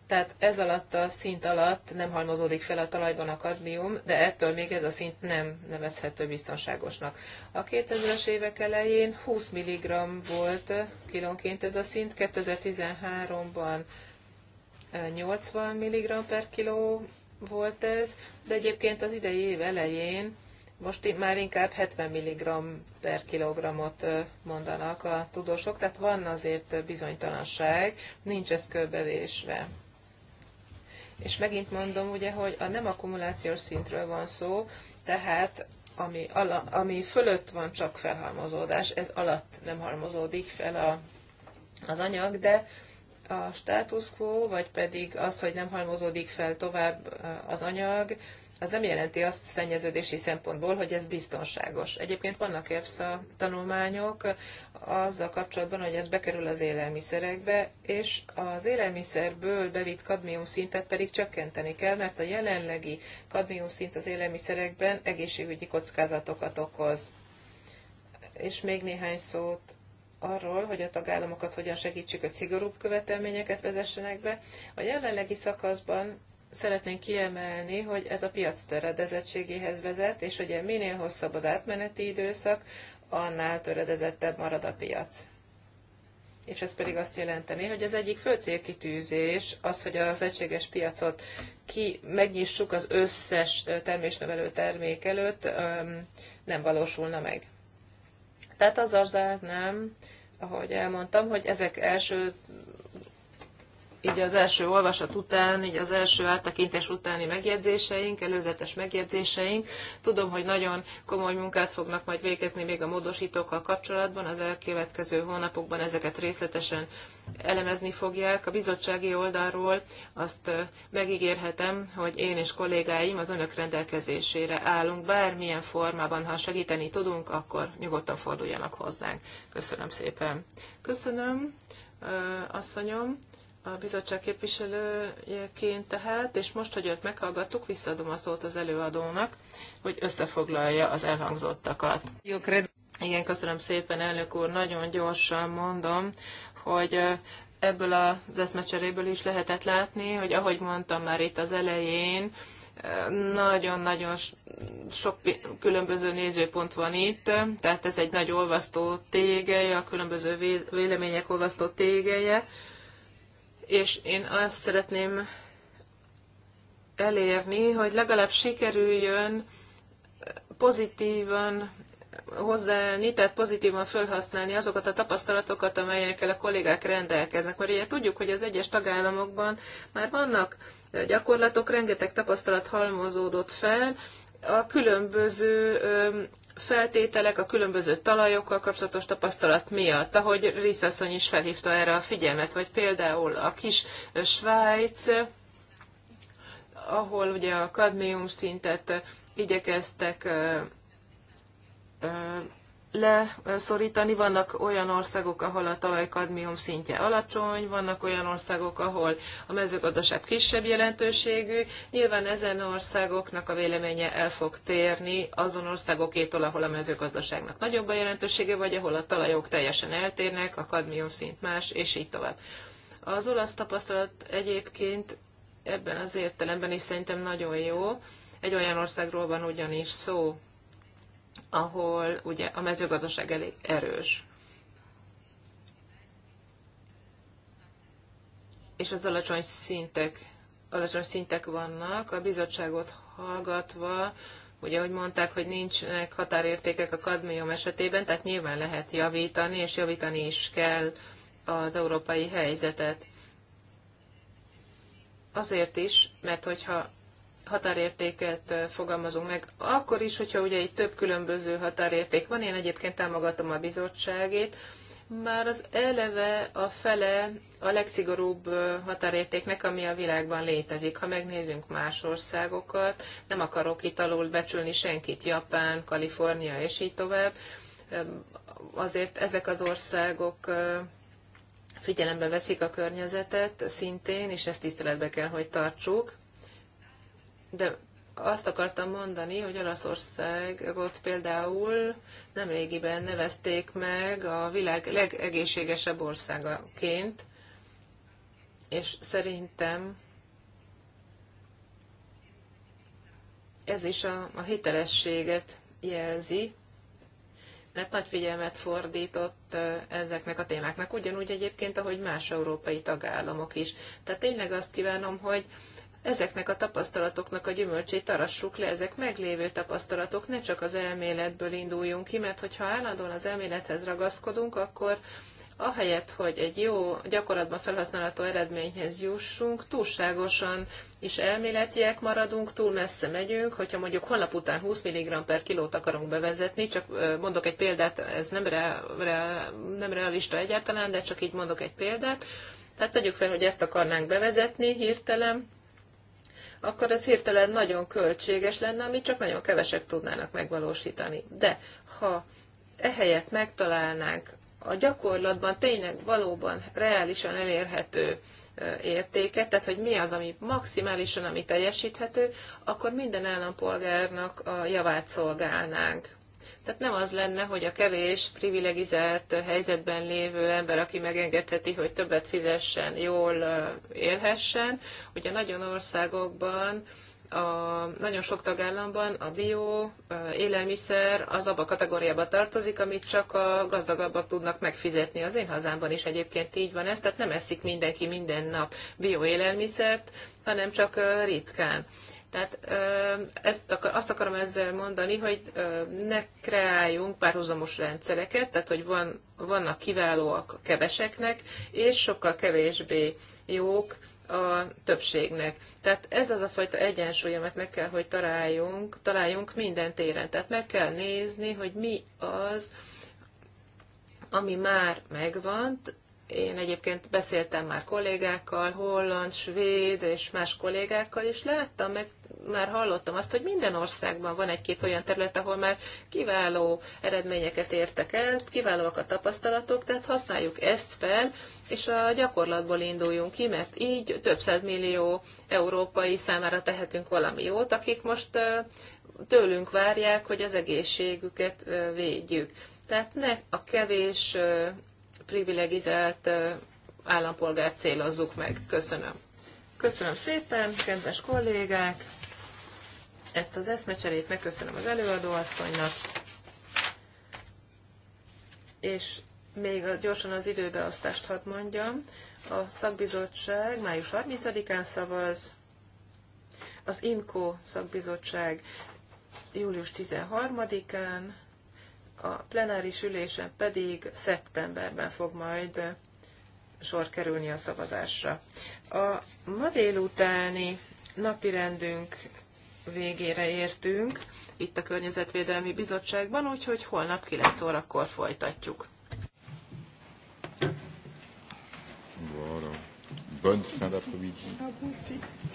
B: Tehát ez alatt a szint alatt nem halmozódik fel a talajban a kadmium, de ettől még ez a szint nem nevezhető biztonságosnak. A 2000-es évek elején 20 mg volt kilónként ez a szint, 2013-ban 80 mg per kiló volt ez, de egyébként az idei év elején most már inkább 70 mg per kilogramot mondanak a tudósok, tehát van azért bizonytalanság, nincs ez körbevésve. És megint mondom, ugye, hogy a nem akkumulációs szintről van szó, tehát ami, ala, ami fölött van csak felhalmozódás, ez alatt nem halmozódik fel a, az anyag, de a status quo, vagy pedig az, hogy nem halmozódik fel tovább az anyag, az nem jelenti azt szennyeződési szempontból, hogy ez biztonságos. Egyébként vannak EFSA tanulmányok azzal kapcsolatban, hogy ez bekerül az élelmiszerekbe, és az élelmiszerből bevitt kadmium szintet pedig csökkenteni kell, mert a jelenlegi kadmium szint az élelmiszerekben egészségügyi kockázatokat okoz. És még néhány szót arról, hogy a tagállamokat hogyan segítsük, hogy szigorúbb követelményeket vezessenek be. A jelenlegi szakaszban szeretnénk kiemelni, hogy ez a piac töredezettségéhez vezet, és ugye minél hosszabb az átmeneti időszak, annál töredezettebb marad a piac. És ez pedig azt jelenteni, hogy az egyik fő célkitűzés az, hogy az egységes piacot ki megnyissuk az összes termésnövelő termék előtt, nem valósulna meg. Tehát az az nem, ahogy elmondtam, hogy ezek első így az első olvasat után, így az első áttekintés utáni megjegyzéseink, előzetes megjegyzéseink. Tudom, hogy nagyon komoly munkát fognak majd végezni még a módosítókkal kapcsolatban, az elkövetkező hónapokban ezeket részletesen elemezni fogják. A bizottsági oldalról azt megígérhetem, hogy én és kollégáim az önök rendelkezésére állunk bármilyen formában, ha segíteni tudunk, akkor nyugodtan forduljanak hozzánk. Köszönöm szépen. Köszönöm, asszonyom a bizottság képviselőjeként tehát, és most, hogy őt meghallgattuk, visszaadom a szót az előadónak, hogy összefoglalja az elhangzottakat. Jó, Igen, köszönöm szépen, elnök úr, nagyon gyorsan mondom, hogy ebből az eszmecseréből is lehetett látni, hogy ahogy mondtam már itt az elején, nagyon-nagyon sok különböző nézőpont van itt, tehát ez egy nagy olvasztó tégeje, a különböző vélemények olvasztó tégeje, és én azt szeretném elérni, hogy legalább sikerüljön pozitívan hozzáállni, tehát pozitívan felhasználni azokat a tapasztalatokat, amelyekkel a kollégák rendelkeznek. Mert ugye tudjuk, hogy az egyes tagállamokban már vannak gyakorlatok, rengeteg tapasztalat halmozódott fel, a különböző feltételek a különböző talajokkal kapcsolatos tapasztalat miatt, ahogy Riszasszony is felhívta erre a figyelmet, vagy például a kis Svájc, ahol ugye a kadmium szintet igyekeztek leszorítani. Vannak olyan országok, ahol a talajkadmium szintje alacsony, vannak olyan országok, ahol a mezőgazdaság kisebb jelentőségű. Nyilván ezen országoknak a véleménye el fog térni azon országokétól, ahol a mezőgazdaságnak nagyobb a jelentősége, vagy ahol a talajok teljesen eltérnek, a kadmium szint más, és így tovább. Az olasz tapasztalat egyébként ebben az értelemben is szerintem nagyon jó. Egy olyan országról van ugyanis szó, ahol ugye a mezőgazdaság elég erős. És az alacsony szintek, alacsony szintek vannak, a bizottságot hallgatva, ugye, ahogy mondták, hogy nincsenek határértékek a kadmium esetében, tehát nyilván lehet javítani, és javítani is kell az európai helyzetet. Azért is, mert hogyha határértéket fogalmazunk meg. Akkor is, hogyha ugye itt több különböző határérték van, én egyébként támogatom a bizottságét, már az eleve a fele a legszigorúbb határértéknek, ami a világban létezik. Ha megnézzünk más országokat, nem akarok itt alul becsülni senkit, Japán, Kalifornia és így tovább, azért ezek az országok figyelembe veszik a környezetet szintén, és ezt tiszteletbe kell, hogy tartsuk. De azt akartam mondani, hogy Olaszországot például nemrégiben nevezték meg a világ legegészségesebb országaként, és szerintem ez is a, a hitelességet jelzi, mert nagy figyelmet fordított ezeknek a témáknak, ugyanúgy egyébként, ahogy más európai tagállamok is. Tehát tényleg azt kívánom, hogy ezeknek a tapasztalatoknak a gyümölcsét arassuk le, ezek meglévő tapasztalatok, ne csak az elméletből induljunk ki, mert hogyha állandóan az elmélethez ragaszkodunk, akkor ahelyett, hogy egy jó gyakorlatban felhasználható eredményhez jussunk, túlságosan is elméletiek maradunk, túl messze megyünk, hogyha mondjuk holnap után 20 mg per kilót akarunk bevezetni, csak mondok egy példát, ez nem, re, re, nem realista egyáltalán, de csak így mondok egy példát, tehát tegyük fel, hogy ezt akarnánk bevezetni hirtelen, akkor ez hirtelen nagyon költséges lenne, amit csak nagyon kevesek tudnának megvalósítani. De ha ehelyett megtalálnánk a gyakorlatban tényleg valóban reálisan elérhető értéket, tehát hogy mi az, ami maximálisan, ami teljesíthető, akkor minden állampolgárnak a javát szolgálnánk. Tehát nem az lenne, hogy a kevés privilegizált helyzetben lévő ember, aki megengedheti, hogy többet fizessen, jól élhessen. Ugye nagyon országokban a, nagyon sok tagállamban a bio élelmiszer az abba a kategóriába tartozik, amit csak a gazdagabbak tudnak megfizetni. Az én hazámban is egyébként így van ez, tehát nem eszik mindenki minden nap bio élelmiszert, hanem csak ritkán. Tehát ezt akar, azt akarom ezzel mondani, hogy ne kreáljunk párhuzamos rendszereket, tehát hogy van, vannak kiválóak a keveseknek, és sokkal kevésbé jók a többségnek. Tehát ez az a fajta egyensúly, amit meg kell, hogy találjunk, találjunk minden téren. Tehát meg kell nézni, hogy mi az, ami már megvan, én egyébként beszéltem már kollégákkal, holland, svéd és más kollégákkal, és láttam, meg már hallottam azt, hogy minden országban van egy-két olyan terület, ahol már kiváló eredményeket értek el, kiválóak a tapasztalatok, tehát használjuk ezt fel, és a gyakorlatból induljunk ki, mert így több millió európai számára tehetünk valami jót, akik most tőlünk várják, hogy az egészségüket védjük. Tehát ne a kevés privilegizált állampolgárt célozzuk meg. Köszönöm. Köszönöm szépen, kedves kollégák! ezt az eszmecserét, megköszönöm az előadóasszonynak, és még gyorsan az időbeosztást hadd mondjam. A szakbizottság május 30-án szavaz, az INKO szakbizottság július 13-án, a plenáris ülésen pedig szeptemberben fog majd sor kerülni a szavazásra. A ma délutáni napirendünk végére értünk itt a Környezetvédelmi Bizottságban, úgyhogy holnap 9 órakor folytatjuk. Voilà. Bonne fin
C: d'après-midi.